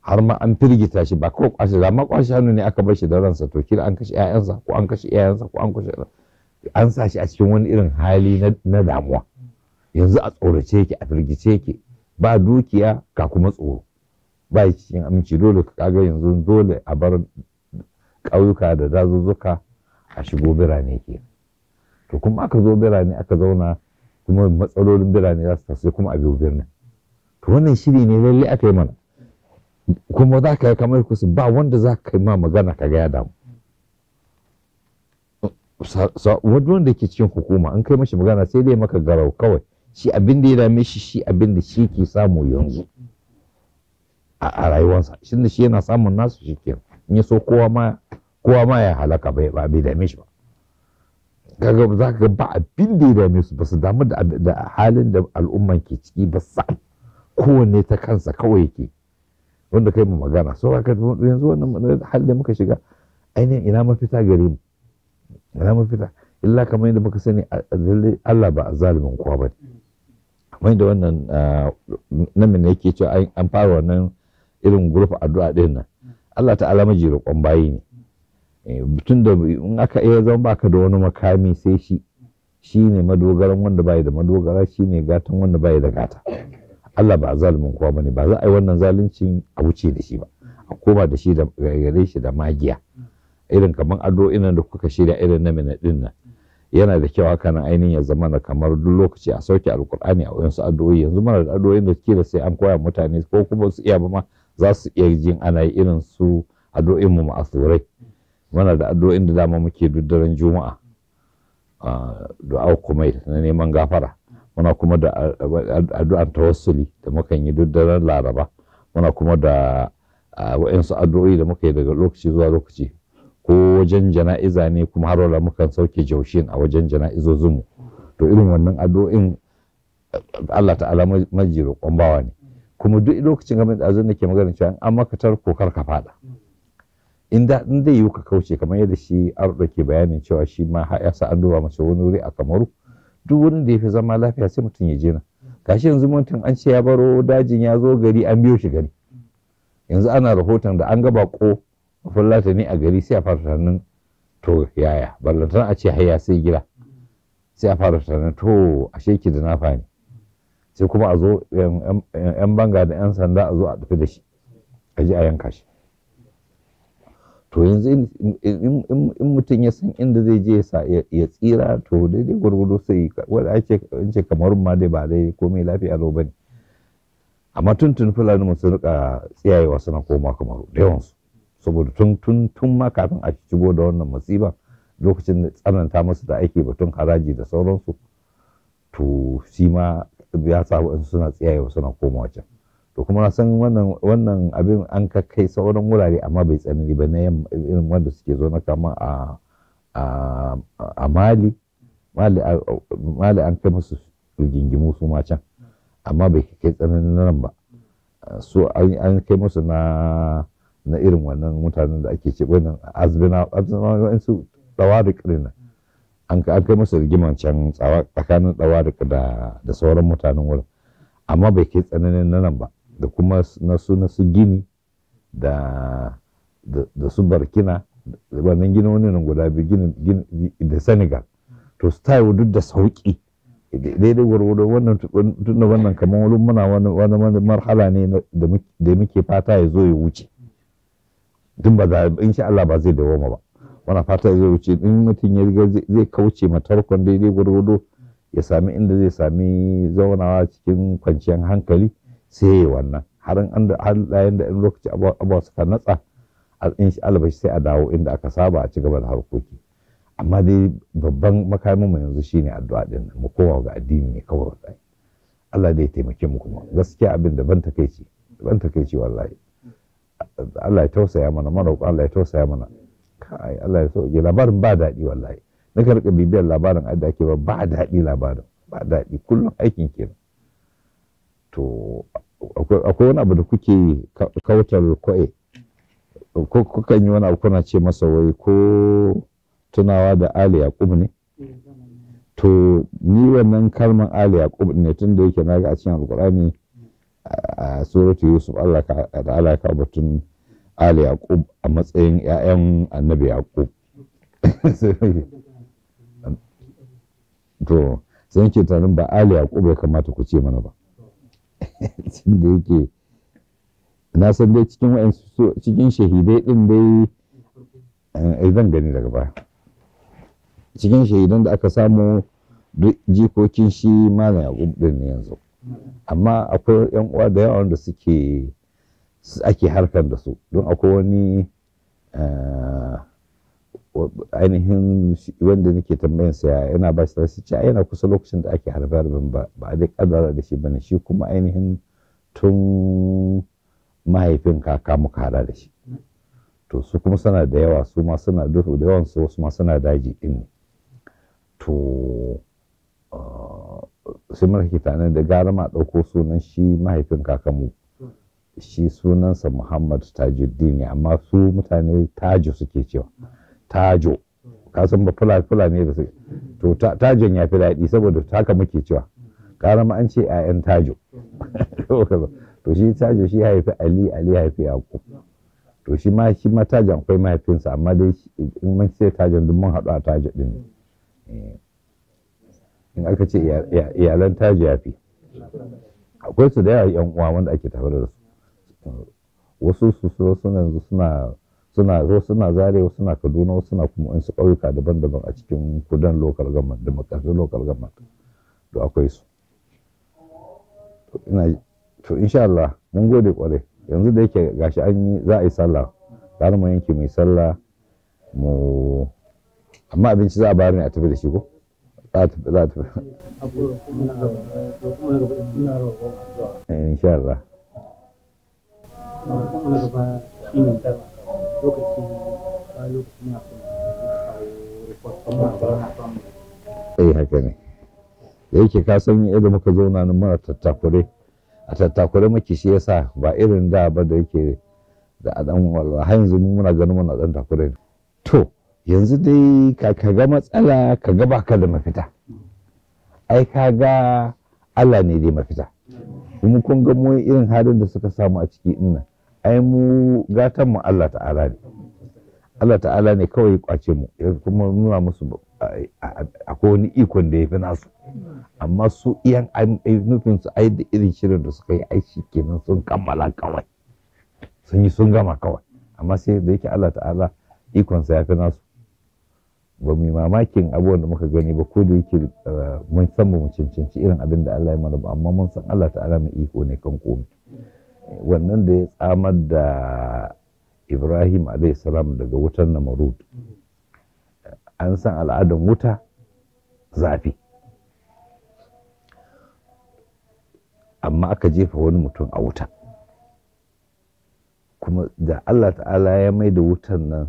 har ma an firgita shi ba kawai kwace amma kwace shanu ne aka bar shi da ransa to kila an kashe ƴaƴansa ko an kashe ƴaƴansa ko an kashe an sa shi a cikin wani irin hali na damuwa yanzu a tsorace yake a firgice yake ba dukiya ka kuma tsoro ba cikin aminci dole ka kaga yanzu dole a bar ƙauyuka da dazuzzuka a shigo birane ke to kuma aka zo birane aka zauna kuma matsalolin birane za su taso kuma a biyu birnin to wannan shiri ne lalle aka yi mana kuma za ka yi kamar kusa ba wanda za ka yi ma magana ka ga ya damu wanda ke cikin hukuma an kai mashi magana sai dai maka garau kawai shi abin da ya dame shi shi abin da shi ke samu yanzu a rayuwarsa shi da shi yana samun nasu shi ke in ya so kowa ma ya halaka bai ba bai dame shi ba kaga za ka ba abin da ya dame su ba su damu da halin da al'umman ke ciki ba sa kowanne ta kansa kawai yake wanda kai mu magana so haka yanzu wannan hali da muka shiga ainihin ina mafita gare mu ina mafita illa kamar yadda muka sani Allah ba a zalimin kowa ba kamar yadda wannan namin yake cewa an fara wannan irin gurfa addu'a ɗin nan Allah ta'ala maji roƙon bayi ne Eh, mutum da in aka iya zama baka da wani makami sai shi shi ne madogaran wanda bai da madogara shi ne gatan wanda bai da gata Allah ba zalumin kowa bane ba za a yi wannan zaluncin a wuce da shi ba a koma da shi da gare shi da magiya irin kamar ado inan da kuka shirya irin na mina din nan yana da kyau haka na ainihin ya zama na kamar duk lokaci a sauke alkur'ani a wayansu addu'o'i yanzu mana da addu'o'in da da sai an koya mutane ko kuma su iya ba ma za su iya jin ana yi irin su addu'o'in mu ma'asurai muna da addu'o'in da dama muke duk daren juma'a du'a kuma na neman gafara muna kuma da addu'an tawassuli da mukan yi duk laraba muna kuma da wa'insu addu'o'i da muka yi daga lokaci zuwa lokaci ko wajen jana'iza ne kuma har wala mukan sauke jaushin a wajen zumu. to irin wannan addu'o'in Allah ta'ala maji roƙon bawa ne kuma duk lokacin game da azan nake magana cewa an makatar ko kar ka fada in da in zai yiwu ka kauce kamar yadda shi arɗo ke bayanin cewa shi ma ya sa an duba mace wani wuri a kamaru duk wurin da ya fi zama lafiya sai mutum ya je na gashi yanzu mutum an ce ya baro dajin ya zo gari an biyo shi gari yanzu ana rahoton da an ga bako fullata ne a gari sai a fara tunanin to yaya ballantana a ce haya sai gida sai a fara tunanin to ashe ki da nafa ne sai kuma a zo yan banga da yan sanda a zo a tafi da shi a ji a yanka shi to yanzu in mutum ya san inda zai je ya tsira to daidai gwargwado sai wadda ake ce kamar ma dai ba dai komai lafiya lau bane amma tun tun fulani mu sun rika tsiyayewa suna koma kamar da yawansu saboda tun ma kafin a shigo da wannan musiba lokacin da tsananta musu da ake batun haraji da sauransu to shi ma ya sa suna tsiyayewa suna koma can to kuma na san wannan wannan abin an kai sauran wurare amma bai tsanani ba na irin wanda suke zo na kama a a mali mali an kai musu rigingimu su ma can amma bai kai tsananin nan ba so an kai musu na na irin wannan mutanen da ake ce wannan azbina azbina su dawa da kirina an kai musu rigiman can tsakanin dawa da da sauran mutanen wurin amma bai kai tsananin nan ba da kuma na su na su gini da da su barkina wannan gini wani nan guda biyu da senegal to style duk da sauki daidai gwargwado wannan da wannan kamar wani muna wani marhala ne da muke fata ya zo ya wuce tun ba za in sha Allah ba zai dawoma ba wannan fata ya wuce in mutum ya riga zai kauce matarkon daidai gwargwado ya sami inda zai sami zaunawa cikin kwanciyar hankali sai ya yi wannan har an da halayen da in lokaci abuwa suka natsa in shi albashi sai a dawo inda aka saba a ci gaba da harkoki amma dai babban makamin mu yanzu shine addu'a din mu koma ga addini ne kawai wallahi Allah dai ya taimake mu kuma gaskiya abin da ban takeici ban takeici wallahi Allah ya tausaya mana mana Allah ya tausaya mana kai Allah ya sauke labarin ba daɗi wallahi na karɓi bibiyar labarin da ake ba ba daɗi labarin ba daɗi kullum aikin kenan to akwai wani abu da kuke kautar kwa'e ko kukan yi wani abu kuna ce masa wai ko tunawa da ali yaqub ne to ni wannan kalman ali yaqub ne tun da yake naga a cikin alqur'ani a suratu yusuf Allah da Allah ka batun ali yaqub a matsayin ƴaƴan annabi yaqub to sai ke tarin ba ali yaqub ya kamata ku ce mana ba da yake na san dai cikin wa'ansu cikin shahidai dai eh, eh, zan gani daga baya cikin shahidan da aka samu duk jikokin shi malam yaƙub din ne yanzu amma akwai yan uwa da yawa wanda suke ake harkar da su don akwai wani eh, ainihin wanda nake tambayan sa yana ba shi sai ce yana kusa lokacin da ake harbar ban ba ba a dai kadara da shi bane shi kuma ainihin tun mahaifin kaka muka hada da shi to su kuma suna da yawa su ma suna duhu da yawan su wasu ma suna daji din ne to ah, sai muka ke da gara ma ɗauko sunan shi mahaifin mu. shi sunansa muhammad tajuddin ne amma su mutane tajo suke cewa tajo ka san ba fula fula ne da su to tajon ya fi daɗi saboda haka muke cewa ƙara ma an ce ayan tajo to shi tajo shi haifi ali ali haifi yaƙub to shi ma shi ma tajon akwai mahaifinsa amma dai in mun ce tajon duk mun haɗu a tajo din ne eh. in aka ce iyalan tajo ya fi akwai su da yawa yan uwa wanda ake tafi da su wasu su suna yanzu suna suna wasu suna zare wasu na kaduna wasu na kuma wasu ƙauyuka daban-daban a cikin kudan lokal government da makarfi lokal government to akwai su to in to insha Allah mun gode kwarai yanzu da yake gashi an yi za a yi sallah za mu yanke mai sallah mu amma abinci za a bayar ne a tafi da shi ko za a tafi za a tafi eh, insha Allah lokaci ba lokaci na son eh, haka ne da yake ka san yadda muka zauna nan mara tattakure a tattakure muke shi yasa ba irin da ba da yake da a walwa har yanzu muna ganin muna dan takure to yanzu dai ka ga matsala ka ga baka da mafita ai ka ga Allah ne dai mafita kuma kun ga mu irin halin da suka samu a ciki ɗin ai mu gatan mu Allah ta'ala ne Allah ta'ala ne kawai ya kwace mu kuma nuna musu akwai wani ikon da ya fi nasu amma su iyan nufin su ai da irin shirin da suka yi aiki kenan sun kammala kawai sun yi sun gama kawai amma sai da yake Allah ta'ala ikonsa ya fi nasu ba mu mamakin abubuwan da muka gani ba ko da yake eh, mun san mu cancanci irin abin da Allah ya mana ba amma mun san Allah ta'ala mai iko ne kan komai wannan da ya tsamar da ibrahim salam daga wutar Marud, an san al'adar wuta zafi amma aka jefa wani mutum a wuta kuma da allah ta'ala ya mai da wutan nan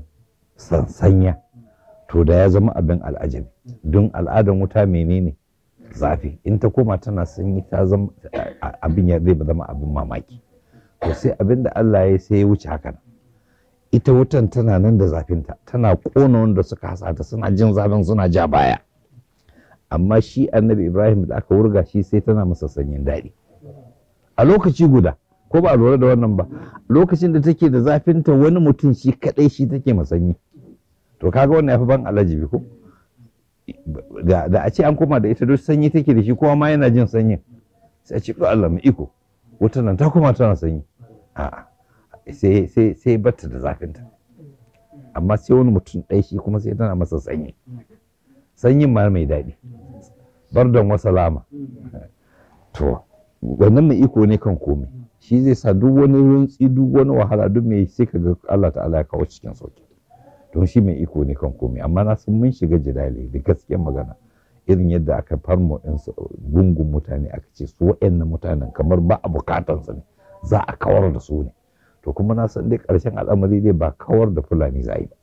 sansanya to da ya zama abin al'ajabi don al'adar wuta menene zafi in ta koma tana sanyi ta zama abin ya zai zama abin mamaki to sai abin da Allah ya sai ya wuce hakan ita wutan tana nan da zafinta tana kona wanda suka hasata suna jin zafin suna ja baya amma shi annabi ibrahim da aka wurga shi sai tana masa sanyin daɗi a lokaci guda ko ba a lura da wannan ba lokacin da take da zafinta wani mutum shi kaɗai shi take masanyi to kaga wannan yafi ban alaji ko da a ce an koma da ita duk sanyi take da shi kowa ma yana jin sanyin sai a ce Allah mu iko wutan nan ta koma tana sanyi a'a sai sai sai batta da zafinta amma sai wani mutum ɗaya shi kuma sai tana masa sanyi sanyin ma mai daɗi don wasa lama to wannan mai iko ne kan komi shi zai sa duk wani runtsi duk wani wahala duk mai sai ka ga Allah ta'ala ya kawo cikin sauki don shi mai iko ne kan komi amma na san mun shiga jidali da gaskiyar magana irin yadda aka farmo ɗin gungun mutane aka ce su waɗannan mutanen kamar ba a bukatansa ne za a kawar da su ne to kuma na san dai ƙarshen al'amari dai ba kawar da fulani za a yi ba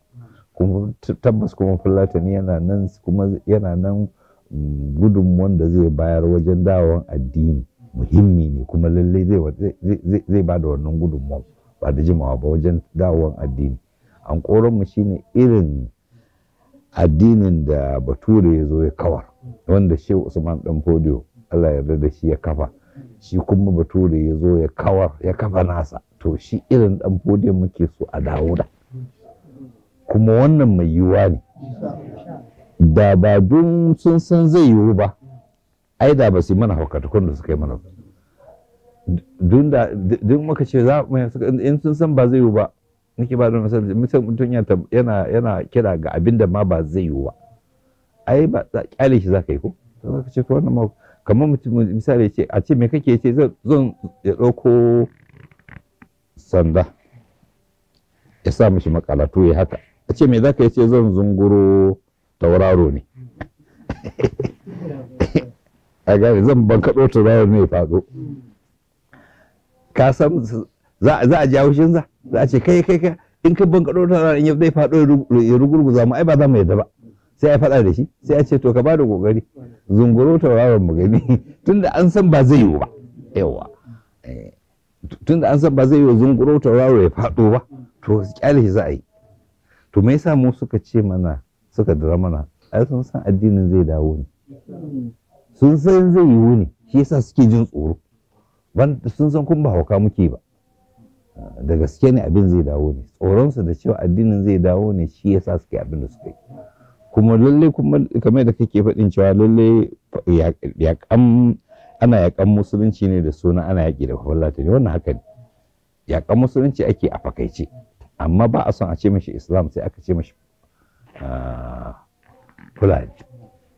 kuma tabbas kuma fulatani yana nan kuma yana nan mm, gudun da zai bayar wajen dawon addini muhimmi ne kuma lallai zai ba da wannan gudunmuwan ba da jimawa ba wajen dawon addini an mu shine irin addinin da bature ya zo ya kawar wanda shehu usman dan fodiyo allah yarda da shi ya kafa shi kuma bature ya zo ya kawar ya kafa nasa to shi irin dan fodiyo muke so a dawo da kuma wannan mai yiwuwa ne da ba don sun san zai yiwu ba ai da ba su mana haukatukun da suka yi mana dun da dun muka ce za mu in sun san ba zai yiwu ba nake ba da misali misal mutum yana yana kira ga abin da ma ba zai yiwu ba ai ba kyale shi za ka yi ko za ka ce to wannan ma kamar mutum misali ce a ce me kake ce zan ya ɗauko sanda ya sa mishi makalatu ya haka a ce me za ka yi ce zan zunguro tauraro ne a gane zan bankaɗo tauraro ne ya faɗo ka san za a jawo shi za a ce kai kai kai in ka bankaɗo tauraro in zai faɗo ya rugurguza mu ai ba za mu yadda ba sai ya faɗa da shi sai ya ce to ka bada kokari zunguro tauraron mu gani tunda an san ba zai yi ba yawa eh, tunda an san ba zai yi zunguro tauraro ya faɗo ba to kyale shi za a yi to me yasa mu suka ce mana suka dira mana ai sun san addinin zai dawo ne sun san zai yi ne shi yasa suke jin tsoro ban sun san kun ba hauka muke ba ah, da gaske ne abin zai dawo ne tsoronsu da cewa addinin zai dawo ne shi yasa suke abin da suka yi kuma lalle kuma kamar da kake faɗin cewa lalle yaƙan ana yaƙan musulunci ne da suna ana yaƙi da fafallata ne wannan haka ne yaƙan musulunci ake a fakaice amma ba a son a ce mashi islam sai aka ce mashi ah, fulani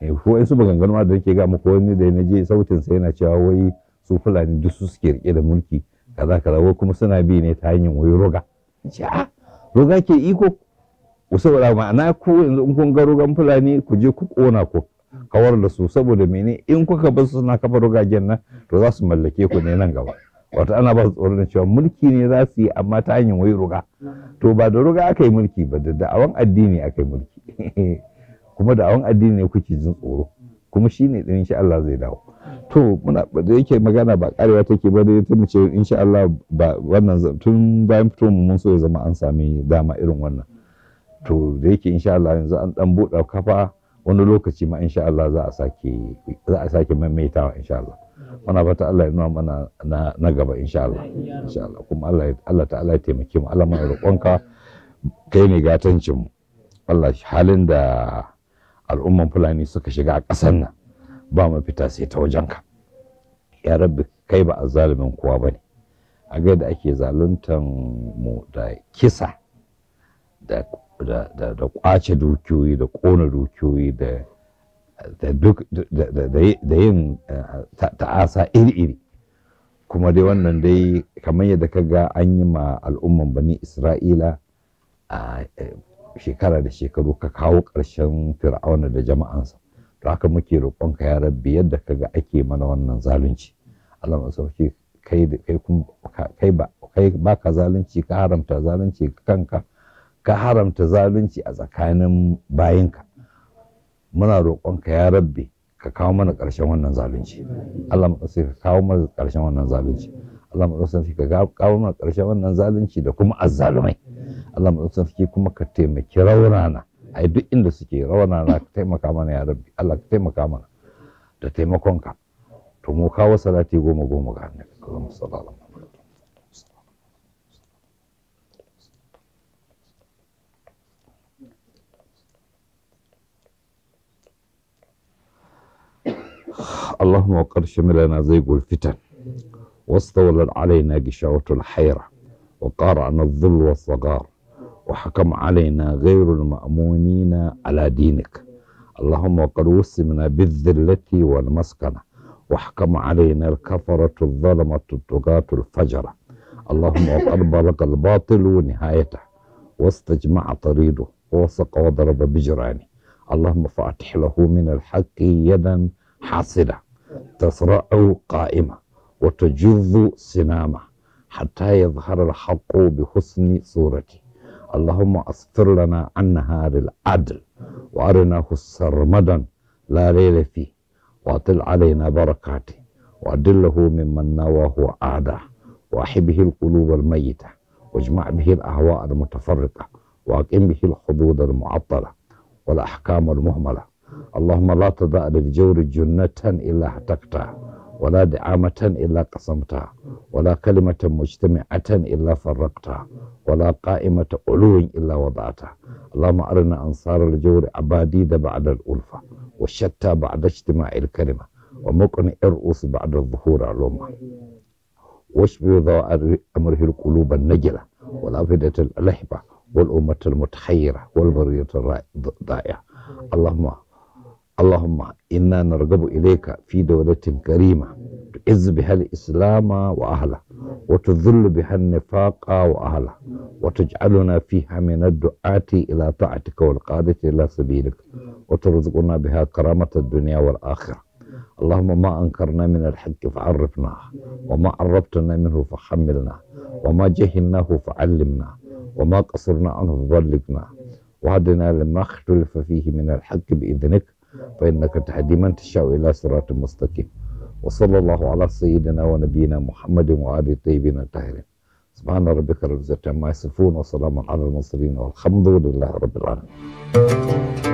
eh, ko su gangan ma da nake ga muku wani da na je sautin sa yana cewa wai su fulani duk su suke rike da mulki kaza kaza wai kuma suna bi ne ta hanyar wai roga ce a ah, roga ke iko saboda ma'ana ku yanzu in kun garo gan fulani ku je ku kona ku kawar da su saboda mene in kuka bar su suna kafa rugagen nan to za su mallake ku ne nan gaba wato ana ba su tsoron cewa mulki ne za su yi amma ta hanyar wai ruga to ba da ruga aka yi mulki ba da da'awan addini aka yi mulki kuma da'awan addini ne kuke jin tsoro kuma shi ne insha Allah zai dawo to muna da yake magana ba karewa take ba dai mu ce insha Allah ba wannan tun bayan fito mu mun so ya zama an sami dama irin wannan to da yake insha Allah yanzu an dan buɗe kafa wani lokaci ma insha Allah za a sake za a sake maimaitawa insha Allah muna fata Allah ya nuna mana na gaba insha Allah insha Allah kuma Allah Allah ta'ala ya taimake mu Allah mai roƙonka kai ne gatancin mu Allah halin da al'umman Fulani suka shiga a ƙasar nan ba fita sai ta wajenka ya rabbi kai ba a zalimin kowa bane a ga da ake zaluntan mu da kisa da da kwace dukiyoyi da kona dukiyoyi da yin ta'asa iri-iri kuma dai wannan dai kamar yadda ka ga an yi ma al'umman bani isra'ila a eh, shekara da shekaru ka kawo ƙarshen fir'auna da jama'ansa to haka muke roƙonka ya rabbi yadda ka ga ake mana wannan zalunci allah masauki kai ba ka zalunci ka haramta zalunci kanka ka haramta zalunci a tsakanin bayinka muna roƙonka ya rabbe ka kawo mana ƙarshen wannan zalunci Allah maɗausai ka kawo mana ƙarshen wannan zalunci Allah maɗausai ka kawo mana ƙarshen wannan zalunci da kuma azzalumai Allah maɗausai kuma ka taimaki raunana a duk inda suke raunana ka taimaka mana ya rabbi Allah ka taimaka mana da taimakonka to mu kawo salati goma goma ga annabi sallallahu alaihi wasallam اللهم وقر شملنا زيغ الفتن واستولت علينا قشاوة الحيرة وقارعنا الظل والصغار وحكم علينا غير المأمونين على دينك اللهم وقد وسمنا بالذلة والمسكنة واحكم علينا الكفرة الظلمة الطغاة الفجرة اللهم وقد بلغ الباطل نهايته واستجمع طريده ووسق وضرب بجرانه اللهم فأتح له من الحق يدا حاصلة تصرع قائمة وتجذ سنامة حتى يظهر الحق بحسن صورته اللهم استر لنا عن نهار العدل وارناه سرمدا لا ليل فيه واطل علينا بركاته وادله ممن نواه اعداه وأحبه القلوب الميته واجمع به الاهواء المتفرقه واقم به الحدود المعطله والاحكام المهمله اللهم لا تدع للجور جنة إلا حتقتها ولا دعامة إلا قسمتها ولا كلمة مجتمعة إلا فرقتها ولا قائمة علو إلا وضعتها اللهم أرنا أنصار الجور عباديد بعد الألفة والشتى بعد اجتماع الكلمة ومقن الرؤوس بعد الظهور علومة واشبه ضوء أمره القلوب النجلة والأفئدة الألحبة والأمة المتحيرة والبرية الضائعة اللهم اللهم إنا نرغب إليك في دولة كريمة تعز بها الإسلام وأهله وتذل بها النفاق وأهله وتجعلنا فيها من الدعاة إلى طاعتك والقادة إلى سبيلك وترزقنا بها كرامة الدنيا والآخرة اللهم ما أنكرنا من الحق فعرفنا وما عرفتنا منه فحملنا وما جهلناه فعلمنا وما قصرنا عنه فبلغنا وهدنا لما اختلف فيه من الحق بإذنك فإنك تهدي من تشاء إلى صراط مستقيم وصلى الله على سيدنا ونبينا محمد وعلى الطيبين الطاهرين سبحان ربك رب العزة عما يصفون وسلام على المرسلين والحمد لله رب العالمين